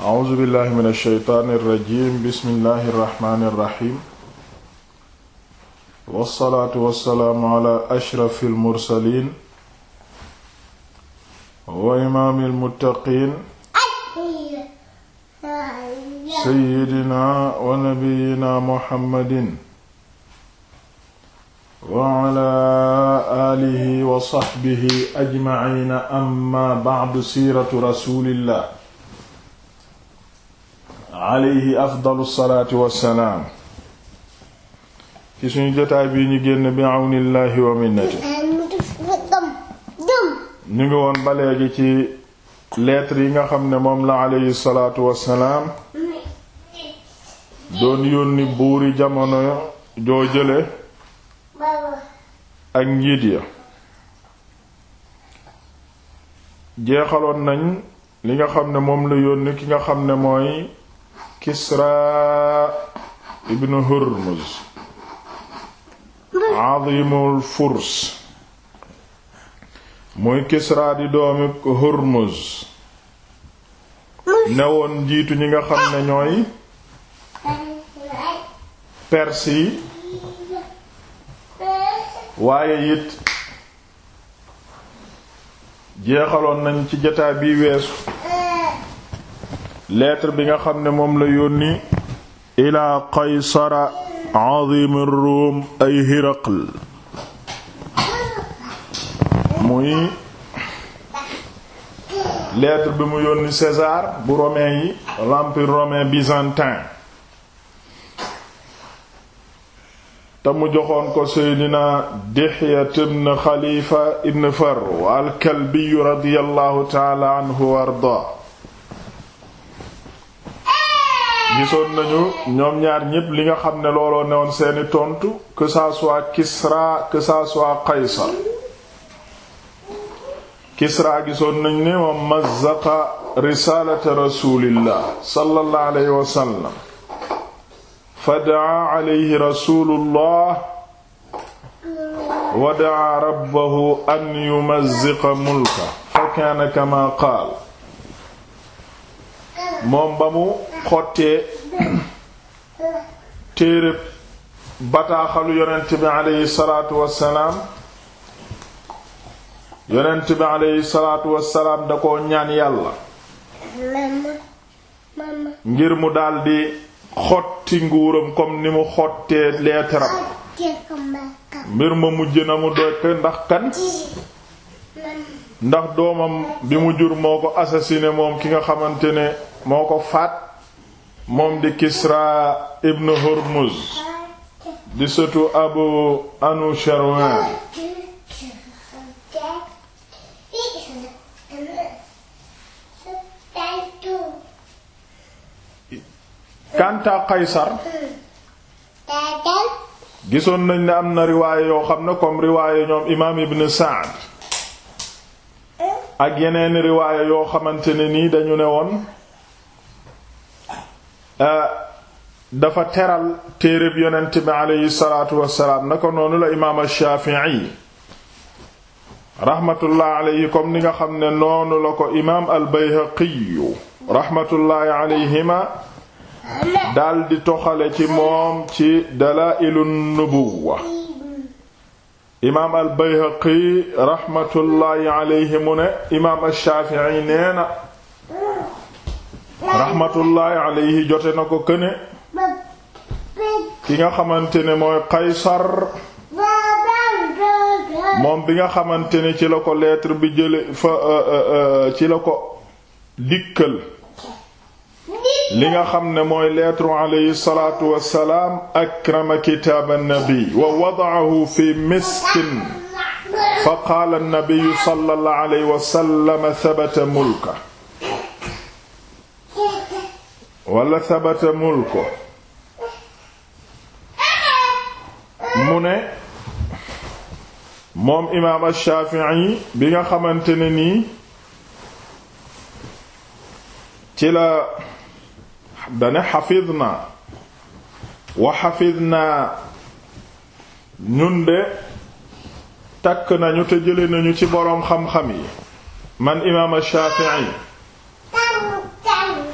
a'uuzu billahi min alsheytaani irrajim bismillahi irrahmaani irrahim wassalaatu wassalaamu ala ashrafi almursalin wa imaami almuttaqiin seyyidina wa nabiyina muhammadin wa ala aalihi wa saxbihi ajmaciina amma bacdu siiratu rasulillah alayhi afdalu salaatu wassalaam ci suñu jotaay bii ñu génn bi àwnillaahi wa minnati ñu ngi woon ba léegi ci lettre yi nga xam ne moom la alayhi salaatu wassalaam buuri jamono joo jële ak njiit ya jeexaloon nañ li nga xam ne moom la yónni ki nga xam ne mooy Kisra ibn Hurmuz azimul furs muy Kisra di doomi Hurmuz newoon jiitu ñi nga xam ne ñooy Perse waaye it jeexaloon nañ ci jataa bi weesu lettre bi nga xam ne moom la yónni ilaa qaysara azim ar-rum ay hiraql muy lettre bi mu yónni César bu romain yi l'empire romain byzantin te mu joxoon ko seydina Dihya ibn Khalifa ibn Farw al-Kalbi radiyallahu ta'ala anhu wa ardaa gisoon nañu ñoom ñaar ñépp li nga xam ne looloo newoon seeni tontu que ça soit Kisra que Qaysar Kisra gisoon nañ ne moom mazzaqa risalata rasulillah sallallahu alayhi wa sallam fadaa alayhi rasulullah wa daa rabbahu an yumazziqa mulka fa kaana kama qaal moom ba mu xottee téereb bataaxalu yonent bi aleyhi salaatu wassalaam yonent bi aleyhi salaatu wassalaam da ko ñaan yàlla ngir mu daldi xotti nguuram comme ni mu xottee leetaram mbir ma mujj na mu doyte ndax kan ndax doomam bi mu jur moo ko assassiné moom ki nga xamante ne moo ko faat moom di Kisra ibn Hurmuz di sëtu Abu Anushirwan kanta Qaysar gisoon nañ ni am na riwaaye yoo xam ne comme riwaaye ñoom imaam Ibn Sa'd ak yeneen riwaaye yoo xamante ne nii dañu ne woon Euh, dafa teral téereb yonent bi aleyhi salaatu wasalaam na ko noonu imaam Shaafi'i raxmatullaahi aleyhi comme ni nga xam ne noonu ko imaam al-Bayhaqi raxmatullaahi toxale ci moom ci dalaa'ilu nubuwwa imaam al-Bayhaqi raxmatullaahi imaam Shaafi'i nee na raxmatullaahi alayhi jote na ko këne ki nga xamante ne mooy Qaysar moom bi nga xamante ne ci la ko lettre bi jële fa euh, euh, euh, ci la ko dikkal li nga xam ne mooy lettre alayhi salaatu wassalaam akrama kitaab annabi wa wada'ahu fi miskin fa qaala annabi sallallahu alayhi wa sallam thabata mulka wala sabata mulko mu ne moom imaam Ash-Shafi'i bi nga xamante ne nii ci la dane xafidna wa xafidna ñun de takk nañu te jële nañu ci boroom xam-xam yi man imaam Ash-Shafi'i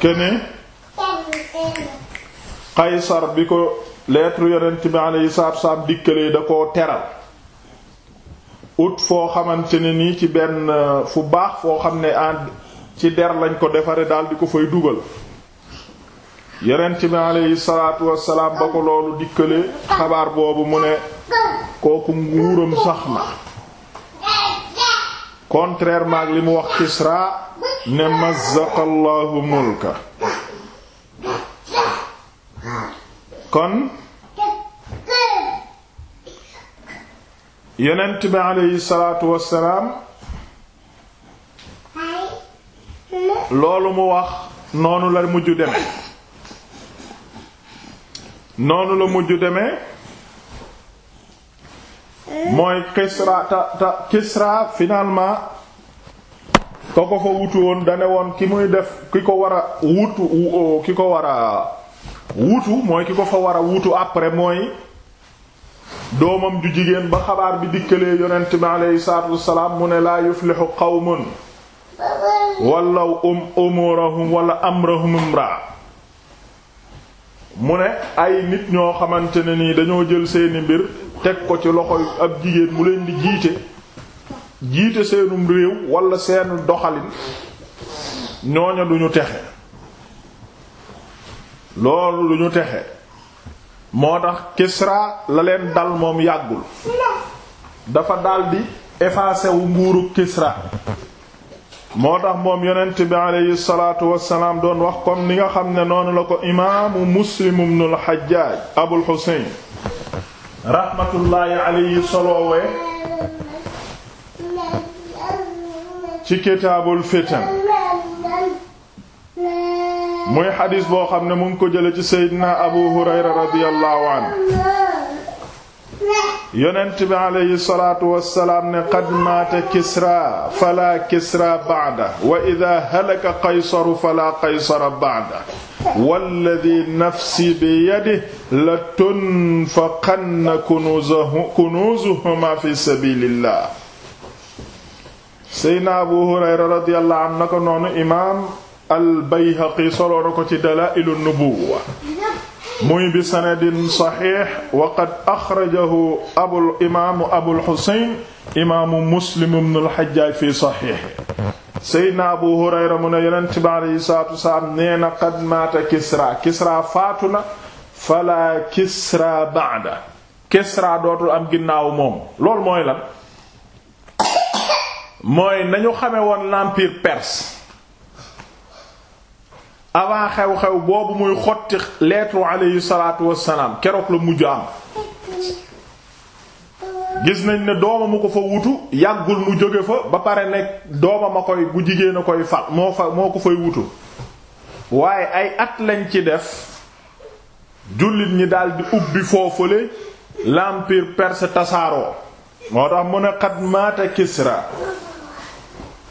kene Qaysar bi ko lettre yonent bi alayhi salaatu salaam dikkalee da koo teral ut foo xamante ni nii ci benn uh, fu baax foo xam ne en ci der lañ ko defare daal di ko fay dugal yonent bi alayhi salaatu wassalaam ba ko loolu dikkale xabaar boobu mu ne kooku nguuram sax na contrairement ak li mu wax Kisra ne mazzaqa Allahu mulka kon yonent bi aleyhi salaatu wassalaam loolu mu wax noonu la mujj deme noonu la mujj deme mooy Kisra ta ta Kisra finalement ko ko fa wutu woon dane woon ki muy def ki ko war a wutu ki ko war a wutu mooy ki ko fa war a wutu après mooy doomam ju jigéen ba xabaar bi dikkalee yonent bi aleyhi salaatu wassalaam mu ne laa yuflixu qawmun wallaw um umurahum wala amrahum imra mu ne ay nit ñoo xamante ne nii dañoo jël seeni mbir teg ko ci loxoy ab jigéen mu leen di jiite jiite seenum réew walla seen doxalin ñooña duñu texe loolu lu ñu texe moo tax Kisra la leen dal moom yàggul dafa daldi effacé wu nguuru Kisra moo tax moom yonent bi aleyhi salaatu wassalaam doon wax comme li nga xam ne noonu la ko imaamu Muslim ibnul Hajjaaj Abul Husayn rahmatullaahi aleyhi solowee ci kitaabul fitan muy xadis boo xam ne mu ngi ko jële ci seydina abu hurayra radiyallahu anhu yonent bi alayhi salaatu wassalaam ne qad maata kisra fala kisra ba'da wa idha halaka qaysaru fala qaysara ba'da walladhi nafsi biyadihi latunfaqanna kunuzuhuma fi sabilillah seydina abu hurayra radiyallahu anhu naka noonu imaam albayhaqi soloo na ko ci dalaa'ilu nubuwwa muy bi sanadin saxiix wa qad axrajahu abul imaamu abul xusayn muslim ibnul xajjaaj fi saxiix seydna abu hurayra mu ne qad maata kisra kisra faatu falaa kisra ba'da kisra dootul am ginnaaw moom loolu mooy lan mooy nañu xame woon l'empire perse avant xew-xew boobu muy xotti lettre alayhi salaatu wassalaam keroog la mujj am gis nañ ne dooma mu ko fa wutu yàggul mu jóge fa ba pare nekk dooma ma koy bu jigéen a koy fal moo fa moo ko fay wutu waaye ay at lañ ci def jullit ñi daldi ubbi foofule l'empire perse tasaaroo moo tax mu ne qad maata kisra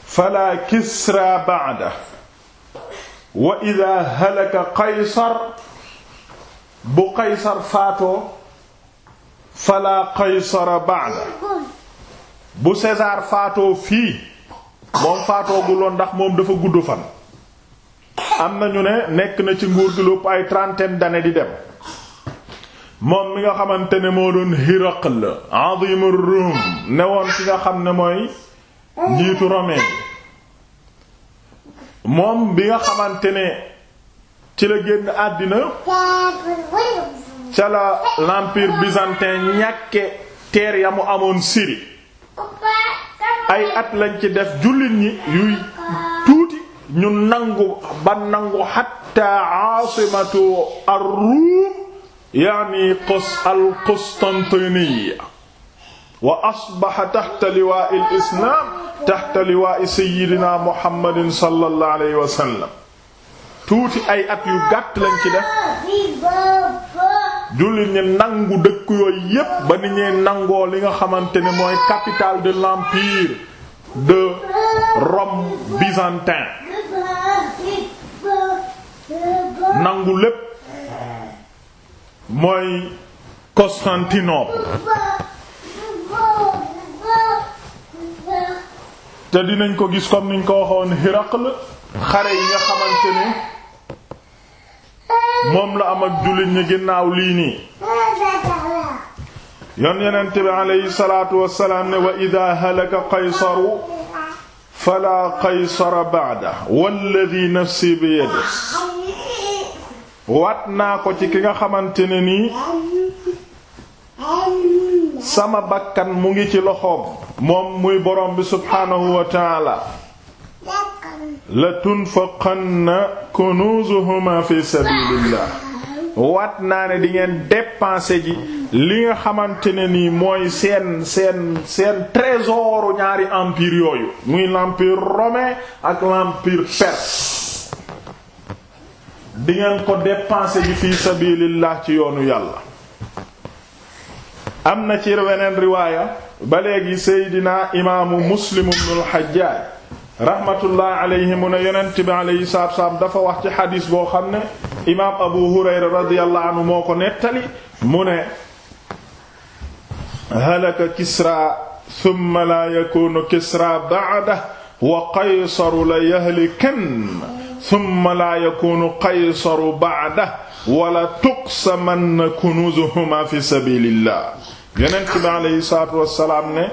fala kisra ba'da wa ida halaka qaysar bu qaysar faatoo fala qaysara ba'da bu César faatoo fii moom faatoo guloon ndax moom dafa gudd fan am nañu ne nekk na ci nguur gi lu ëpp ay trentaine d'années di dem moom mi nga xamante ne moo doon Hiraql azimur Rum newoon ci nga xam ne mooy njiitu romain moom bi nga xamante ne ci la génn àddina ca la l'empire byzantin ñàkke terre ya mu amoon siri ay at lañ ci def jullit ñi yuy tuuti ñu nangu ba nangu hatta aasimatu ar-Rum yaani qos al-Qustantiniya wa asbaha taxta liwaa al islaam taxta liwaa sayyidina muhammadin sallallahu alayhi wa sallam tuuti ay at yu gàtt lañ ci def jullit ñi nangu dëkk yooyu yépp ba ni ñee nangoo li nga xamante ne mooy capitale de l'empire de Rome byzantin nangu lépp mooy Constantinople te dinañ ko gis comme niñ ko waxoon Hiraql xare yi nga xamante moom la am ak jullit ñi ginnaaw lii nii yoon yonent bi aleyhi salaatu wassalaam ne wa idaa halaka qaysaru falaa qaysara ba'da walladhi nafsi bi yadihi waat naa ko ci ki nga xamante nii sama bakkan mu ngi ci loxoom moom muy borom bi subhaanahu wa taala la tunfaqanna kunuzuhuma fi sabilillah waat naa ne dingeen ngeen ji li nga xamante ne nii mooy seen seen seen trésoru ñaari empire yooyu muy l'empire romain ak l'empire perse di ko dépenser ji fi sabilillah ci yoonu yàlla am na ci weneen riwaaya ba léegi seydina imaamu muslim ibnul xajjaaj rahmatullahi alayhi mu ne yonent bi alayhi salaatu salaam dafa wax ci xadiis boo xam ne imaam abu hurayra radiyallahu anhu moo ko nettali mu ne halaka kisra thumma laa yakunu kisra ba'dahu wa qaysaru la yahlikan thumma laa yakunu qaysaru ba'dahu wala tuqsamanna kunuzuhuma fi sabilillah yonent bi aleyhi salaatu wassalaam ne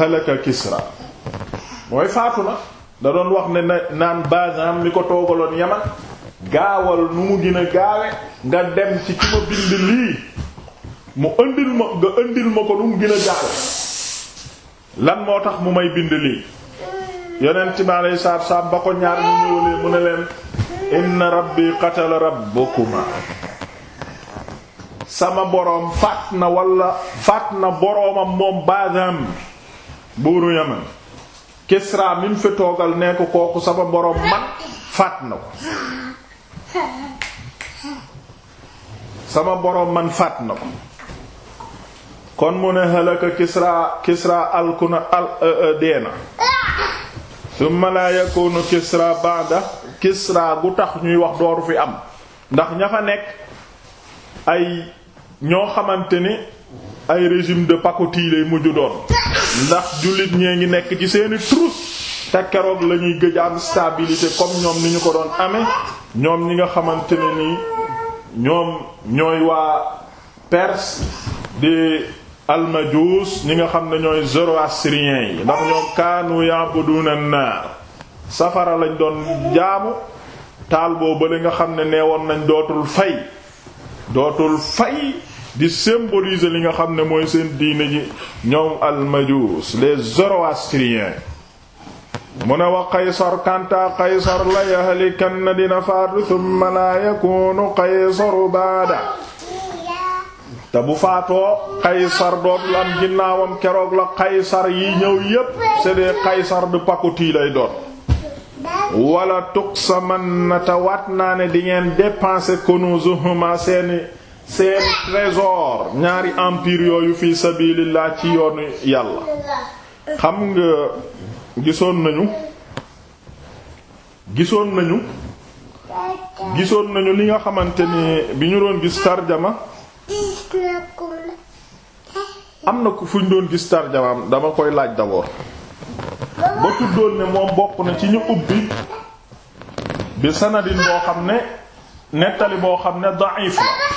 halaka Kisra mooy faatu na da doon wax ne naan Bazam mi ko toogaloon Yaman gaawal nu mu gën a gaawe nga dem ci ki ma bind lii mu indil ma nga indil ma ko nu mu gën gaawe lan moo tax mu may bind lii yeneen bi aleyhi salaatu wassalaam ba ko ñaar ñu ñëwalee mu ne leen inna rabbi qatala rabbukuma sama boroom faat na walla faat na boroomam moom baadam buuru yaman Kisra mi mu fi toogal nee ko kooku sama boroom man faat na ko sama boroom man faat na ko kon mu ne halaka Kisra Kisra alkuna al e, e, dee na summa laa yakunu Kisra ba'da Kisra gu tax ñuy wax dooru fi am ndax ña fa nekk ay ñoo xamante ni ay régime de pacotille lay mujj doon ndax jullit ñee ngi nekk ci seeni trousse te keroog la ñuy gëj am stabilité comme ñoom ni ñu ko doon ame ñoom ñi nga xamante ne nii ñoom ñooy waa Perse di almajuus ñi nga xam ne ñooy zoroastriens yi ndax ñoom kaanu ya'buduna naar safara lañ doon jaamu taal boobu li nga xam ne neewoon nañ dootul fay dootul fay di symboliser li nga xam ne mooy seen diine ji ñoom almajuus les zoroastriens mu ne wa qaysar kanta qaysar la yahlikan na dina faatu thumma la yakunu qaysaru baada te bu faatoo qaysar dootul am ginnaawam keroog la qaysar yi ñëw yépp c'est des qaysar de pacotille lay doon wala tuqsaman na te waat naa ne di ngeen dépenser kunuzuhuma seeni seen trésor ñaari empire yooyu fi sabilillah ci yoonu yàlla xam nga gisoon nañu gisoon nañu gisoon nañu li nga xamante ni bi ñu doon gis tarjama am na ku fu ñu doon gis tarjamaam dama koy laaj d'abord ba tuddoon ne moom bokk na ci ñu ubbi bi sanadin boo xam ne nettali boo xam ne da'if la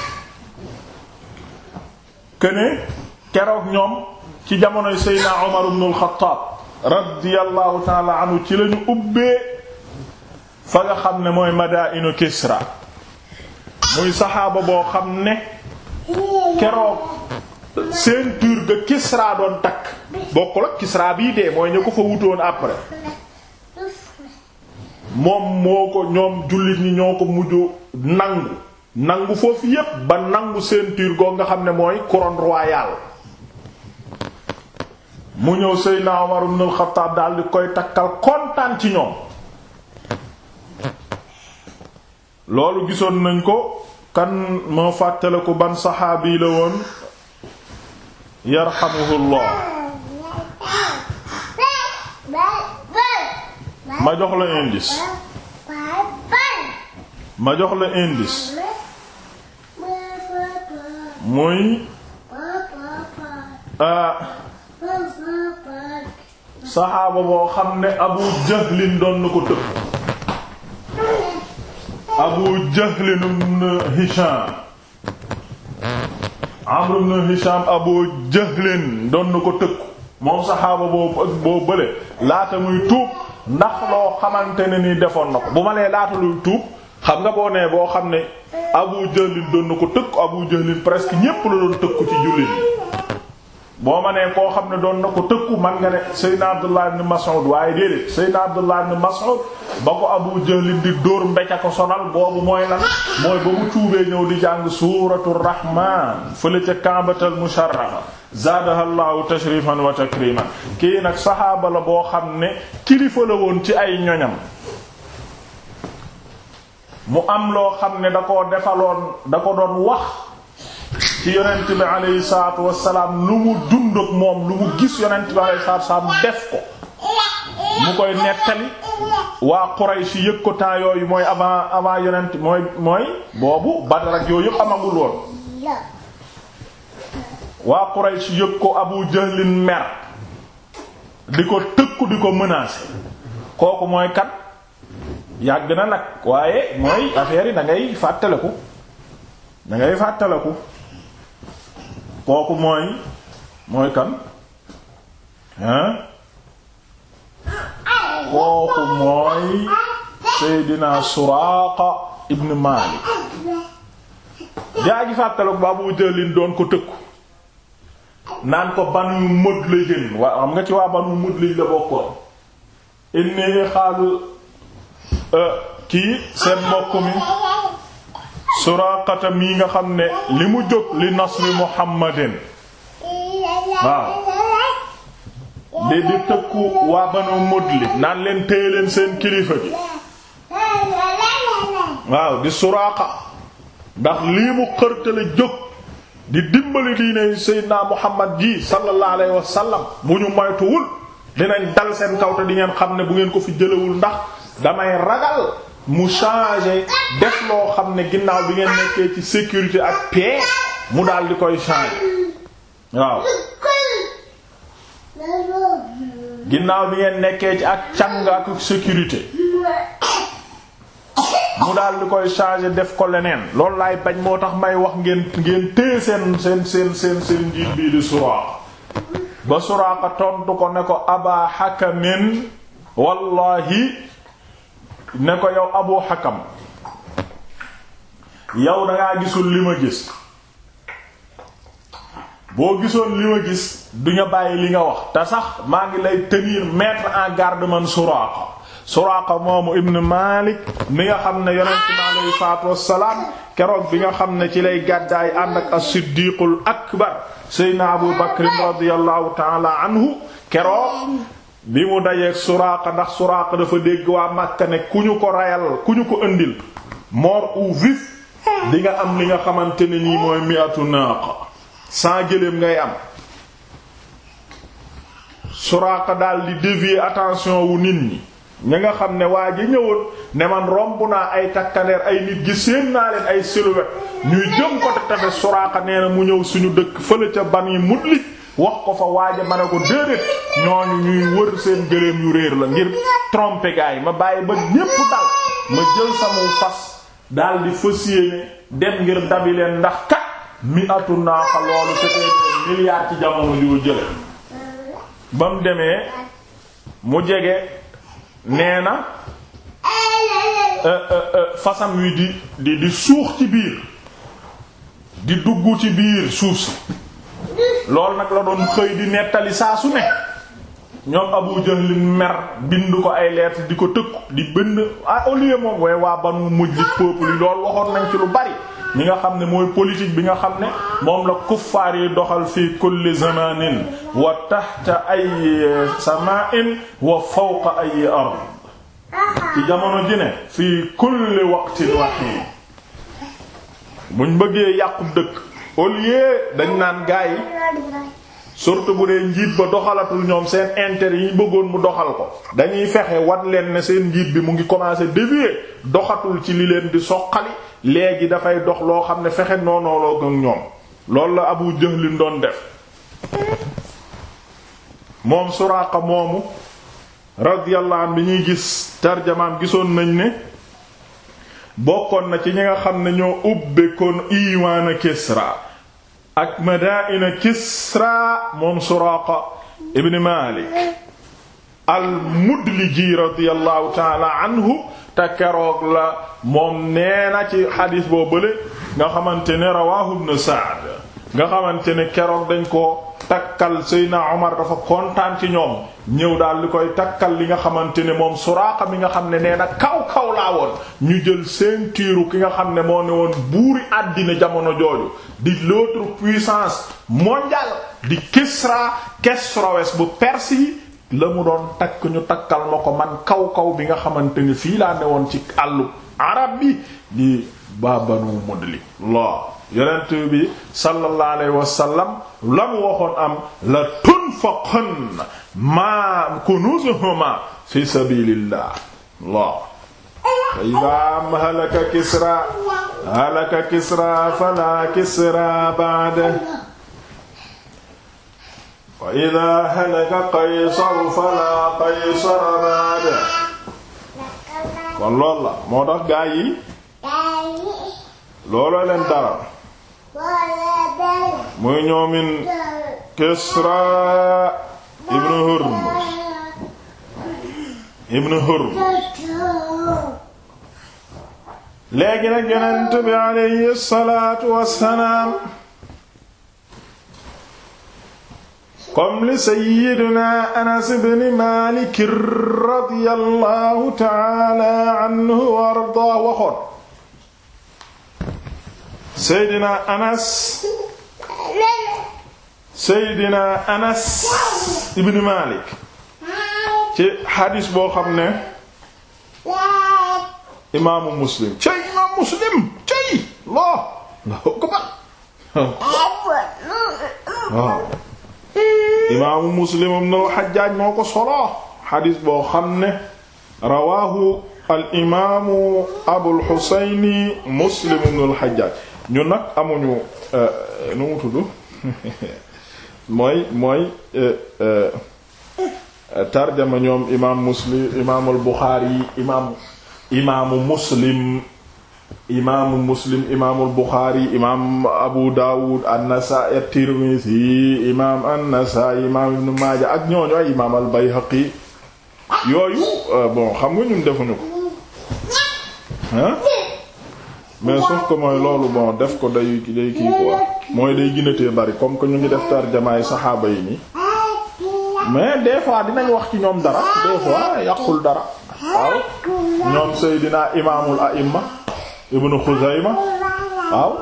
këne keroog ñoom ci jamonoy Seydina Umar ibn al-Khattab radiyallahu ta'ala ci lañu ubbee fa nga xam ne mooy madainu Kisra muy saxaaba boo xam ne keroog ceinture ga Kisra doon takk bokkul ak Kisra bii dee mooy ñu ko fa wutoon après moom moo ko ñoom jullit ñi ñoo ko mujj nangu nangu foofu yépp ba nangu ceinture goo nga xam ne mooy couronne royale mu ñëw Seydina Umar ibn al-Khattab daal di koy takkal kontaan ci ñoom loolu gisoon nañ ko kan moo fàttaliku ban saxaabi la woon yarhamuhullah ma jox la indice ma jox la indice muy saxaaba boo xam ne abu jahlin doon na ko tëb abu jahlin ibn hisham amr ibn hisham abu jahlin doon na ko tëkku moom saxaaba boo boo bële laata muy tuub ndax loo xamante ne ni defoon na ko bu ma nee laata luy tuub xam nga boo nee boo xam ne Abu Jahlin doon na ko tëkk Abu Jahlin presque ñépp la doon tëkku ci jullit boo ma nee koo xam ne doon na ko tëkku man nga ne Seydina Abdullah ibn Mas'ud waaye déedéet Seydina Abdullah ibn Mas'ud ba ko Abu Jahlin di dóor mbecca ko sonal boobu mooy lan mooy ba mu cuubee ñëw di jàng suuratu Rahmaan fële ca Kaabatal musharrafa zaadaha llahu tashrifan wa takriman kii nag saxaaba la boo xam ne kilifa la woon ci ay ñoñam mu am loo xam ne da ko defaloon da ko doon wax ci yonent bi aleyhi salaatu wasalaam lu mu dund ak moom lu mu gis yonent bi aleyhi salaatu wasalaam def ko mu koy nettali waa Quraysh yëg ko temps yooyu mooy avant avant yonent mooy mooy boobu Badar yooyu yëpp amagul waa Quraysh yëg ko Abu Jahlin mer di ko tëkku di ko menacer kooku mooy kat yàgg na nag waaye mooy affaire yi da ngay fàttaliku dangay ngay fàttaliku kooku mooy mooy kan hein kooku mooy Seydina Suraaqa ibn Maalik gaa fàttaliku ba Abu Jahlin doon ko tëkku naan ko Banu Mudlij waa xam nga ci waa Banu Mudlij la bokkoon inni xaalu Euh, kii seen mbokk mi Suraqata mii nga xam ne li mu jóg li nasri Muhammadin waaw di di tëkku waa Banu Mudlib naan leen téye leen seen kilifa gi waaw di Suraaqa ndax lii mu xërtale jóg di dimbali diine Seydina Muhammad ji sallallahu alayhi wa bu ñu moytuwul dinañ dal seen kaw te di ngeen xam ne bu ngeen ko fi jëlewul ndax damay ragal mu changer def loo xam ne ginnaaw bi ngeen nekkee ci sécurité ak paix mu daal di koy changer waaw ginnaaw bi ngeen nekkee ci ak cangaatu ak sécurité mu daal di koy changer def ko leneen loolu laay bañ moo tax may wax ngeen ngeen téye seen seen seen seen njiit bii di Suraaqa ba Suraaqa tontu ko ne ko Aba Hakamin wallahi ne ko yow Abu Hakam yow dangaa gisul li ma gis boo gisoon li ma gis du nga bàyyi li nga wax te sax maa ngi lay tenir mettre en garde man Suraaqa Suraaqa moomu Ibn Malik mi nga xam ne yonent bi alayhi salaatu wassalaam keroog bi nga xam ne ci lay gàddaay ànd ak as-Siddiqul Akbar Seydina Abu Bakr radiyallahu ta'ala anhu keroog bi mu dajeeg suraaqa ndax suraaqa dafa dégg waa Makka ne ku ñu ko rayal ku ñu ko indil mort ou vif di nga am li nga xamante ne nii mooy miatu naaqa sans gëléem ngay am suraaqa daal di dévier attention wu nit ñi ña nga xam ne waa ji ñëwoon ne man romb naa ay takkandeer ay nit gi séen naa leen ay silhouette ñuy jëm ko te tafe nee na mu ñëw suñu dëkk fële ca ban yi mut li wax ko fa waaja mën a ko déedéet ñooñu ñuy wër seen gëléem yu réer la ngir tromper gaay ma bàyyi ba ñépp dal ma jël sama fas daal di fas yéene dem ngir dabi leen ci jamono yu jële ba mu demee mu jege nee na euh, euh, euh, fasam wi di di di suux ci biir di dugg ci biir suuf si loolu nag la doon xëy di nettali saa su ne ñoom Abu Jahl mer bind ko ay lettre di ko tëkku di bind ah au lieu moom waaye waa banu mujj peuple yi loolu waxoon nañ ci lu bari ñi nga xam ne mooy politique bi nga xam ne moom la kuffaar yi doxal fii kulli zamanin wa tahta ay sama'in wa fawqa ay ard ci jamono ji ne fii kulli waqtin waqi buñ bëggee yàqub dëkk au lieu dañ naan gaa yi surtout bu dee njiit ba doxalatul ñoom seen intérêt yi bëggoon mu doxal ko dañuy fexe wat leen ne seen njiit bi mu ngi commencer dévier doxatul ci li leen di soqali léegi dafay dox loo xam ne fexe noonooloo ak ñoom loolu la Abu Jahlin doon def moom Suraaqa moomu radiyallahu anhu bi ñuy gis tarjamaam gisoon nañ ne bokkoon na ci ñi nga xam ne ñoo ubbekoon iwaana Kisra ak madaa'ina Kisra moom Suraaqa ibn Maalik al-Mudliji radiyallahu ta'ala anhu te keroog la moom nee na ci xadiis boo bële nga xamante ne rawaahu ibn Sa'd nga xamante ne keroog dañ ko takkal Seydina Omar dafa kontaan ci ñoom ñëw daal li koy takkal li nga xamante ne moom Suraaqa bi nga xam ne nee na kaw kaw laa woon ñu jël ceinture ki nga xam ne moo ne woon buuri àddina jamono jooju di l'autre puissance mondiale di Kisra Kesroes bu Perse la mu doon takk ñu takkal ma ko man kaw kaw bi nga xamante ne fii laa ne woon ci àllu arab bi di Babanu Mudli la yonent bi sallallahu alayhi wa sallam la mu waxoon am la tunfaqun ma kunuzuhuma fi sabilillah Allah idaa halaka Kisra halaka Kisra fala Kisra ba'da wa idaa halaka Qaysar fala Qaysar ba'da kon loolu la moo tax gaa yi looloo leen dara muy ñoomin Kisra ibn Hurmuz ibn Hurmuz léegi nag yonent bi alayhi salaatu wassalaam comme li sayyidina Anas ibn Maalik radiyallahu ta'ala anhu wa ardaa waxoon sayyidina Anas Seydina Anas ibn Malik ci xadis boo xam ne imaamu Muslim cay imaam Muslim cay loo loo ko ba waaw imaamu Muslim ibn al-Hajjaj moo ko soloo xadis boo xam ne rawaahu al imaamu Abul Husayni Muslim ibn al-Hajjaj ñun nag amuñu euh, euh, nu mu tudd mooy mooy euh, tarjama ñoom imaam muslim imaamul buxaari imaam imaamu muslim imaamu muslim imaamul buxaari imaam abu daawud an-nasaa'i at-tirmidhi imaam an imaam ibnu maaja ak ñooñu ay imaam al bayhaqi yooyu bon xam nga ñun defuñu ko mais sauf que mooy loolu bon def ko day day kii quoi mooy day ginatee bari comme que ñu ngi def tarjamaay saxaaba yi nii mais des fois dinañ wax ci ñoom dara des yàqul dara waaw ñoom Seydina imaamul a'imma ibnu Xuzayma waaw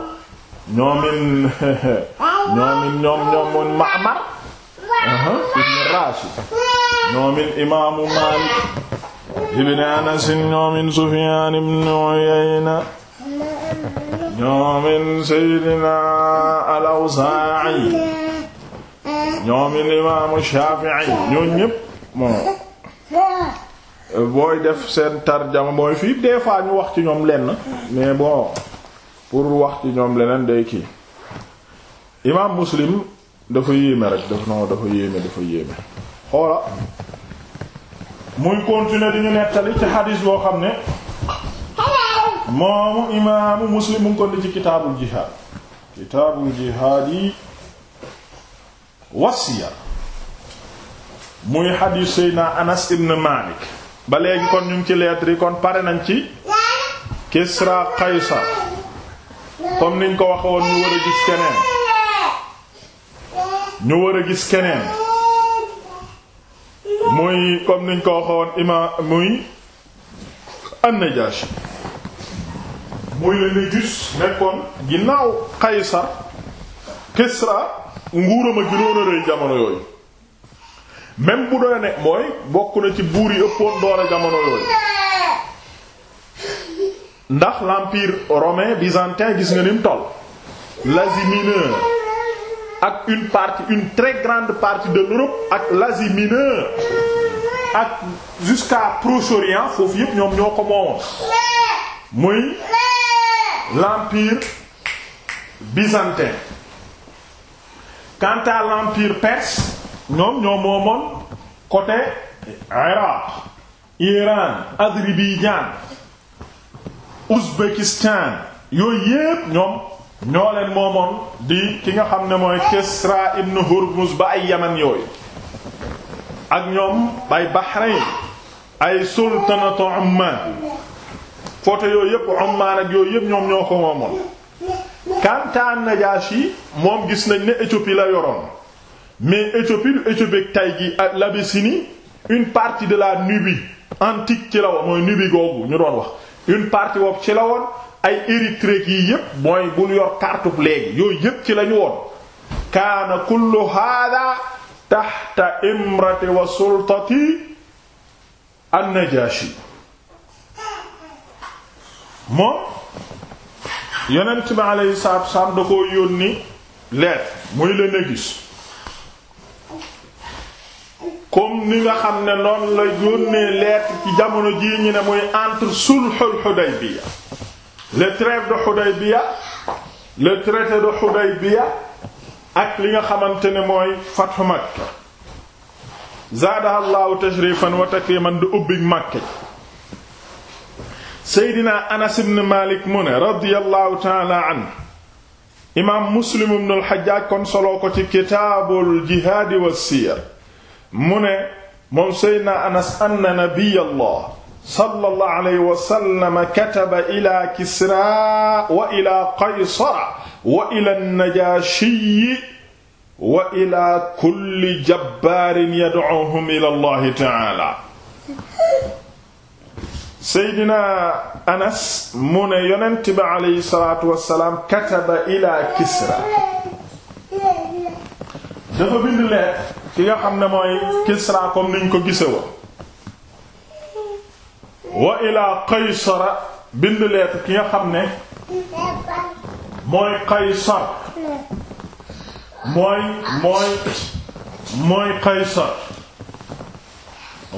ñoomin ñoomin ñoom ñoomin uh-huh, ibnu Rashid ñoomin imaamu Maalik ibnu Anas ñoomin Sufyaan ibnu Uyayna ñoomin seydina al-Awzaa'i ñoomin imaamu Shaafi'i ñoo ñépp moom booy def seen tarjama mooy fii des ñu wax ci ñoom lenn mais boo pour wax ci ñoom leneen day kii imaam Muslim dafa yéeme rek dafa non dafa yéeme dafa yéeme xoola muy continuer di ñu nettali ci xadiis boo xam ne moomu imaamu muslim mu ngi ko di ci kitaabul jihaad kitaabul jihaad yi wasiya muy xadiis Seydina Anas ibn Malik ba léegi kon ñu ngi ci leet yi kon pare nañ ci Kisra Qaysar comme niñ ko waxe woon ñu war a gis keneen ñu war a gis keneen muy comme niñ ko waxe woon imaam muy an-Najaashi mooy le Négus nekkoon ginnaaw Qaysar Kisra nguuram a gënoon a rëy jamono yooyu même bu doon ne mooy bokk na ci buur yi ëppoon doole jamono yooyu ndax l'empire romain byzantin gis nga nim toll l'Asie mineure ak une partie une très grande partie de l'Europe ak l'Asie mineure ak jusqu'à proche foofu yépp ñoom ñoo ko moomoon muy l'empire byzantin quant à l'empire perse ñoom ñoo moomoon côté Irak Iran Azerbaïdjan Ouzbékistan yooyu yépp ñoom ñoo leen moomoon di ki nga xam ne mooy Kisra ibn Hurmuz ba ay Yaman yooyu ak ñoom bay Bahrain ay sultanatu Amman côté yooyu yëpp Oman yooyu yëpp ñoom ñoo ko moomoon kantaa yi moom gis nañ ne Éthiopie la yoroon mais Éthiopie lu Éthiopie ak tay gi ak l'Abyssinie une partie de la Nubie antique ci la woon mooy Nubie googu ñu doon wax une partie woog ci la woon ay Érythrée yi yëpp mooy bu ñu yor kartub léegi yooyu yëpp ci lañu woon kaana kullu hada tahta imrati wa sultati an-Najashi moom yonent bi aleyhi salaatu wasalaam da koo yónni leet muy le négus comme ni nga xam ne noonu la yónnee leet ci jamono jii ñu ne muy entre sulhul Hudaybiya le trêve de Hudaybiya le traité bi Hudaybiya ak li nga xamante ne mooy fathu Makka zaadahallahu tashrifan wa takriman du ubbi Makka seydina anas ibn malik mu ne radiyallahu taala an imaam muslim ibn al-hajjaj kon soloo ko ci kitaabul jihaadi wa siyar mu ne moom seydina anas anna nabiyallah sallallahu alayhi wa sallam kataba ila kisra wa ila qaysara wa ila najaashiyi wa ila kulli jabbaarin yad'uuhum ila allahi taala seydina anas mu ne yonent bi aleyhi salaatu wassalaam kataba ila kisra dafa bind leet ki nga xam ne mooy kisra comme niñ ko gise wa wa ila qaysara bind leet ki nga xam ne mooy qaysar mooy mooy mooy qaysar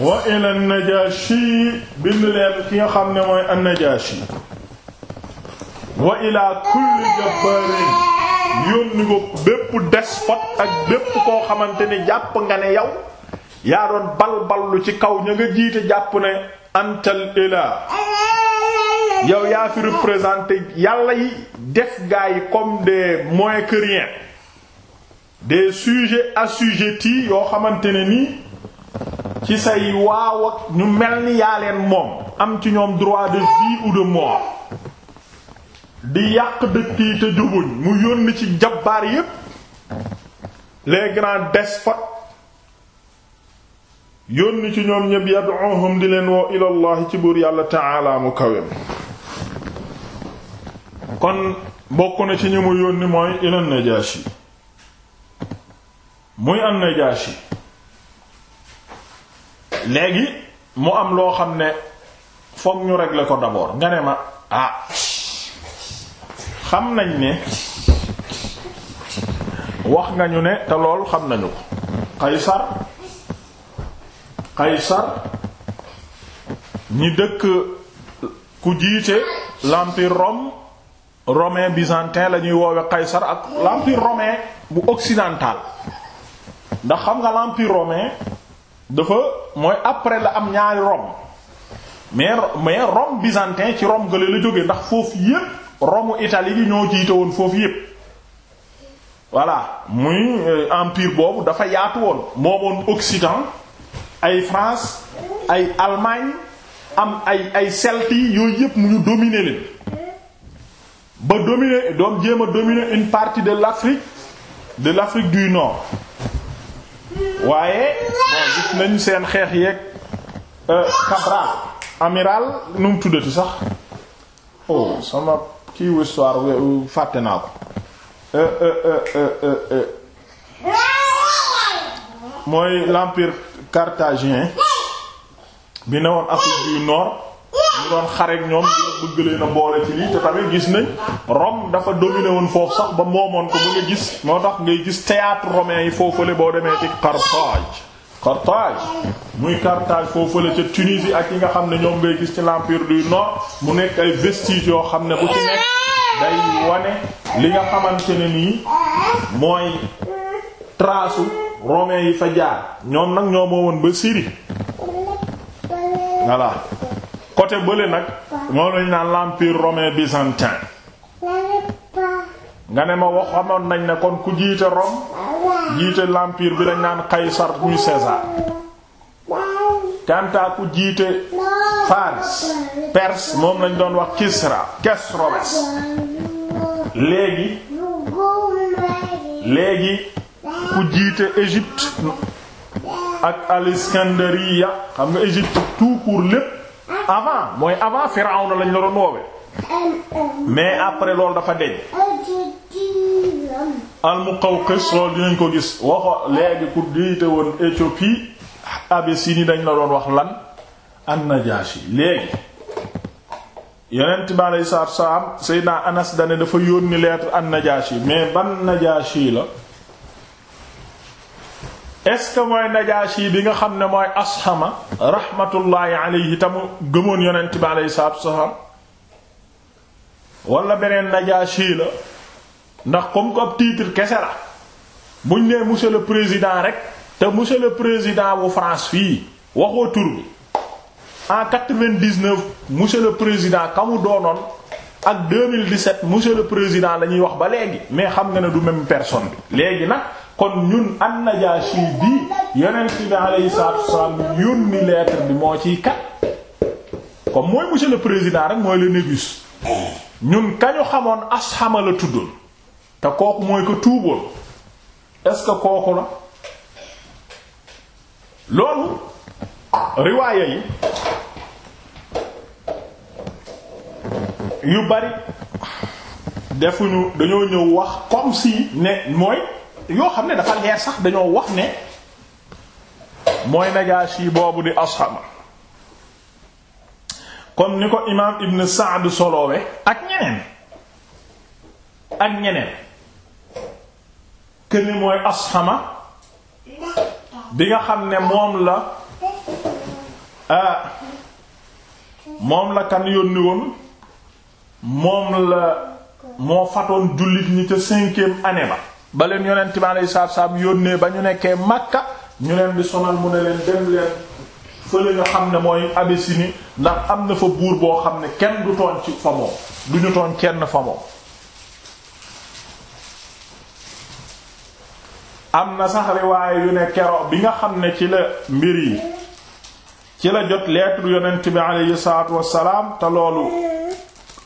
wa ila najaashi bind leen ki nga xam ne mooy annajaashi wa ila kulli jabbaarin yónni ko bépp despote ak bépp koo xamante ne jàpp nga ne yow yaa doon balballu ci kaw ña nga jiite jàpp ne antal ilaa yow yaa fi représenté yàlla yi def gaa yi comme des moins que rien des sujets yoo xamante ne nii ci say waaw ñu mel ni yaa leen moom am ci ñoom droit de vie ou de mort di yàq dëkk yi te jubuñ mu yónni ci jabbaar yépp les grands despotes yónni ci ñoom ñépp yad'uhum di leen woo ilallahi ci buur yàlla ta'ala mu kawem kon bokk na ci ñi mu yónni mooy ila Najashi muy an Najashi léegi mu am loo xam ne foog ñu régler ko d'abord nga ne ma ah xam nañ ne wax nga ñu ne te lool xam nañu ko Qaysar Qaysar ñi dëkk ku jiite l'empire rome romain byzantin lañuy ñuy woowe Qaysar ak l'empire romain bu occidental ndax xam nga l'empire romin dafa mooy après la am ñaari Rome mais mais Rome byzantin ci Rome gële la jóge ndax foofu yépp Rome Italie bi ñoo jiite woon foofu yépp voilà muy euh, empire boobu dafa yaatu woon moomoon Occident ay France ay Allemagne am ay ay celtes yi yooyu yépp mu ñu dominer leen ba dominer doon jéem a dominer une partie de l'Afrique de l'Afrique du Nord waaye bon gis seen xeex yeeg euh, cabral amiral nu mu tuddati sax oh sama kii histoire fàtte naa ko euh, euh, mooy l'empire carthagien bi na woon Afrique yu noor ñu doon xareek ñoom ngir bëgg leen a boole ci lii te tamit gis nañ Rome dafa dominé woon foofu sax ba moomoon ko ba nga gis moo tax ngay gis théâtre romain yi foofule boo demee ci Carthage Carthage muy Carthage foofule ca Tunisie ak yi nga xam ne ñoom ngay gis ci l'empire du nord mu nekk ay vestiges yoo xam ne bu ci nekk day wane li nga xamante ne nii mooy trace romain yi fa jaar ñoom nag ñoo moomoon ba Syrie côté bële nag moom lañu naan l'empire romain byzantin nga ne ma xamoon nañ ne kon ku jiite Rome jiite l'empire bi lañ naan Qaysar muy César kanta ku jiite Faris Perse moom lañ doon wax Kisra Kesrobes léegi léegi ku jiite Égypte ak Alexandrie xam nga Égypte tout lépp avant mooy avant Firawna lañ la doon woowe mais après loolu dafa deñ al-Muqawqis loolu dinañ ko gis waxo léegi ku diite woon Éthiopie Abyssinie dañ la doon wax lan an-Najashi léegi yonent bi aleyhi salaatu wa salaam Seydina Anas dane dafa yónni lettre an mais ban Najashi la est-ce que mooy bi nga xam ne mooy Ashama rahmatullahi alayhi tamu gëmoon yonent bi alayhi salaatu wa salaam wala beneen Najaashi la ndax comme que ab titre kese la buñ nee monsieur le président rek te monsieur le président bu France fii waxoo tur bi en 99 monsieur le président ka mu doonoon ak 2017 monsieur le président la ñuy wax ba léegi mais xam nga ne du même personne bi léegi na kon ñun an-Najaashi bi yonent bi alayhi salaatu wassalaam yónni lettre bi moo ciy kat comme mooy monsieur le président rek mooy le Négus ñun kañu xamoon Ashama la tuddoon te kooku mooy ko tuuboon est-ce que kooku la loolu riwaaya yi yu bari defuñu dañoo ñëw wax comme si ne mooy yoo xam ne dafa leer sax dañoo wax ne mooy Najaasi boobu di Asham kon ni ko imaam Ibn Sa'd soloowe ak ñeneen ak ñeneen que ni mooy Ashama bi nga xam ne moom la ah, moom la kan yónni woon moom la moo fatoon jullit ñi ca cinquième année ba ba leen yonent bi alayhi salaatu salaam yónnee ba ñu nekkee Makka ñu leen di sonal mu ne leen dem leen fële nga xam ne mooy Abisini ndax am na fa buur boo xam ne kenn du tooñ ci fa moom du ñu tooñ kenn fa moom am na sax riwaaye yu ne keroog bi nga xam ne ci la mbir yi ci la jot lettre yonent bi alayhi salaatu wassalaam te loolu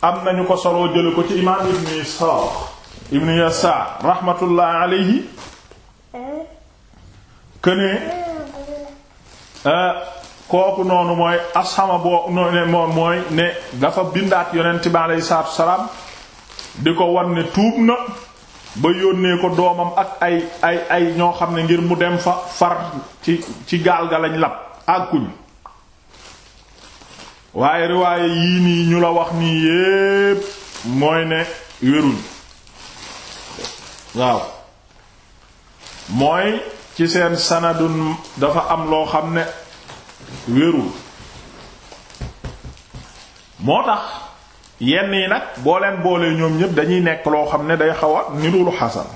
am nañu ko solo jële ko ci imaam Ibn Isaaq ibnu yasaar raxmatullah alayhi kënee eh. eh, kooku noonu mooy asxama boo ne mooy ne dafa bindaat yonent bi alayhi salaatu salaam di ko wan ne tuub na ba yónnee ko doomam ak ay ay ay ñoo xam ne ngir mu dem fa far ci gaal ga lañ lab àgguñu waaye riwaaye yii nii ñu la wax nii yépp mooy ne wéruñu waaw mooy ci seen sanadun dafa am loo xam ne wérul moo tax yenn yi nag boo leen boolee ñoom ñépp dañuy nekk loo xam ne day xaw a nirulu xasan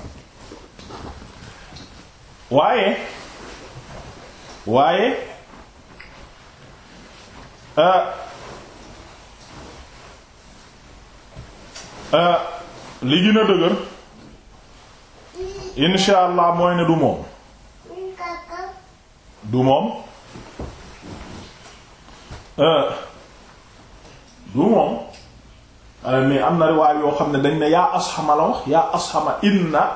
waaye waaye euh, euh, li gën a dëgër insha allah mooy ne du moom du moom euh, du moom euh, mais am na riwaay yoo xam ne dañ ne yaa asxama la wax yaa asxama inna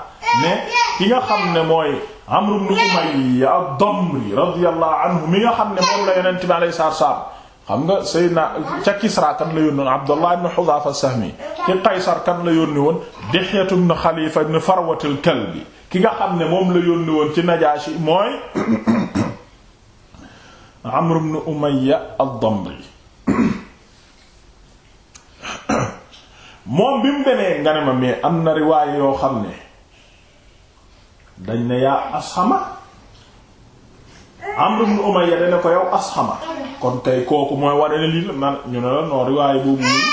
ne ki nga xam ne mooy Amr ibn Umayya ad-Damri radiyallahu anhu mi nga xam ne moom la yonent bi alayhi salaam xam nga Seydina ca Kisra kan la yónni woon Abdullah ibn Hudhafa as-Sahmi ci Qaysar kan la yónni woon Dihyatu ibn Khalifa ibn Farwatul Kalbi ki nga xam ne moom la yónni woon ci Najashi mooy Amr ibn Umayya ad-Damri moom bi mu demee ma mais am na riwaaya yoo xam ne dañ ne yaa asxama Amr ibn Umayya dana ko yow asxama kon tey kooku mooy wane ne lii la nan ñu ne la non riwaay boobu wérul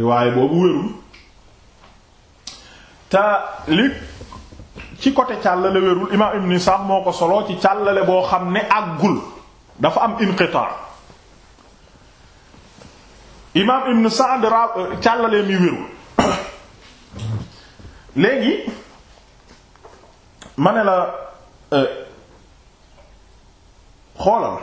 riwaay boobu wérul te li ci côté càllale wérul imaam Ibn Sa'd moo ko soloo ci càllale boo xam ne àggul dafa am inqitaa càllale mi wérul léegi ma ne la. Euh, xoolal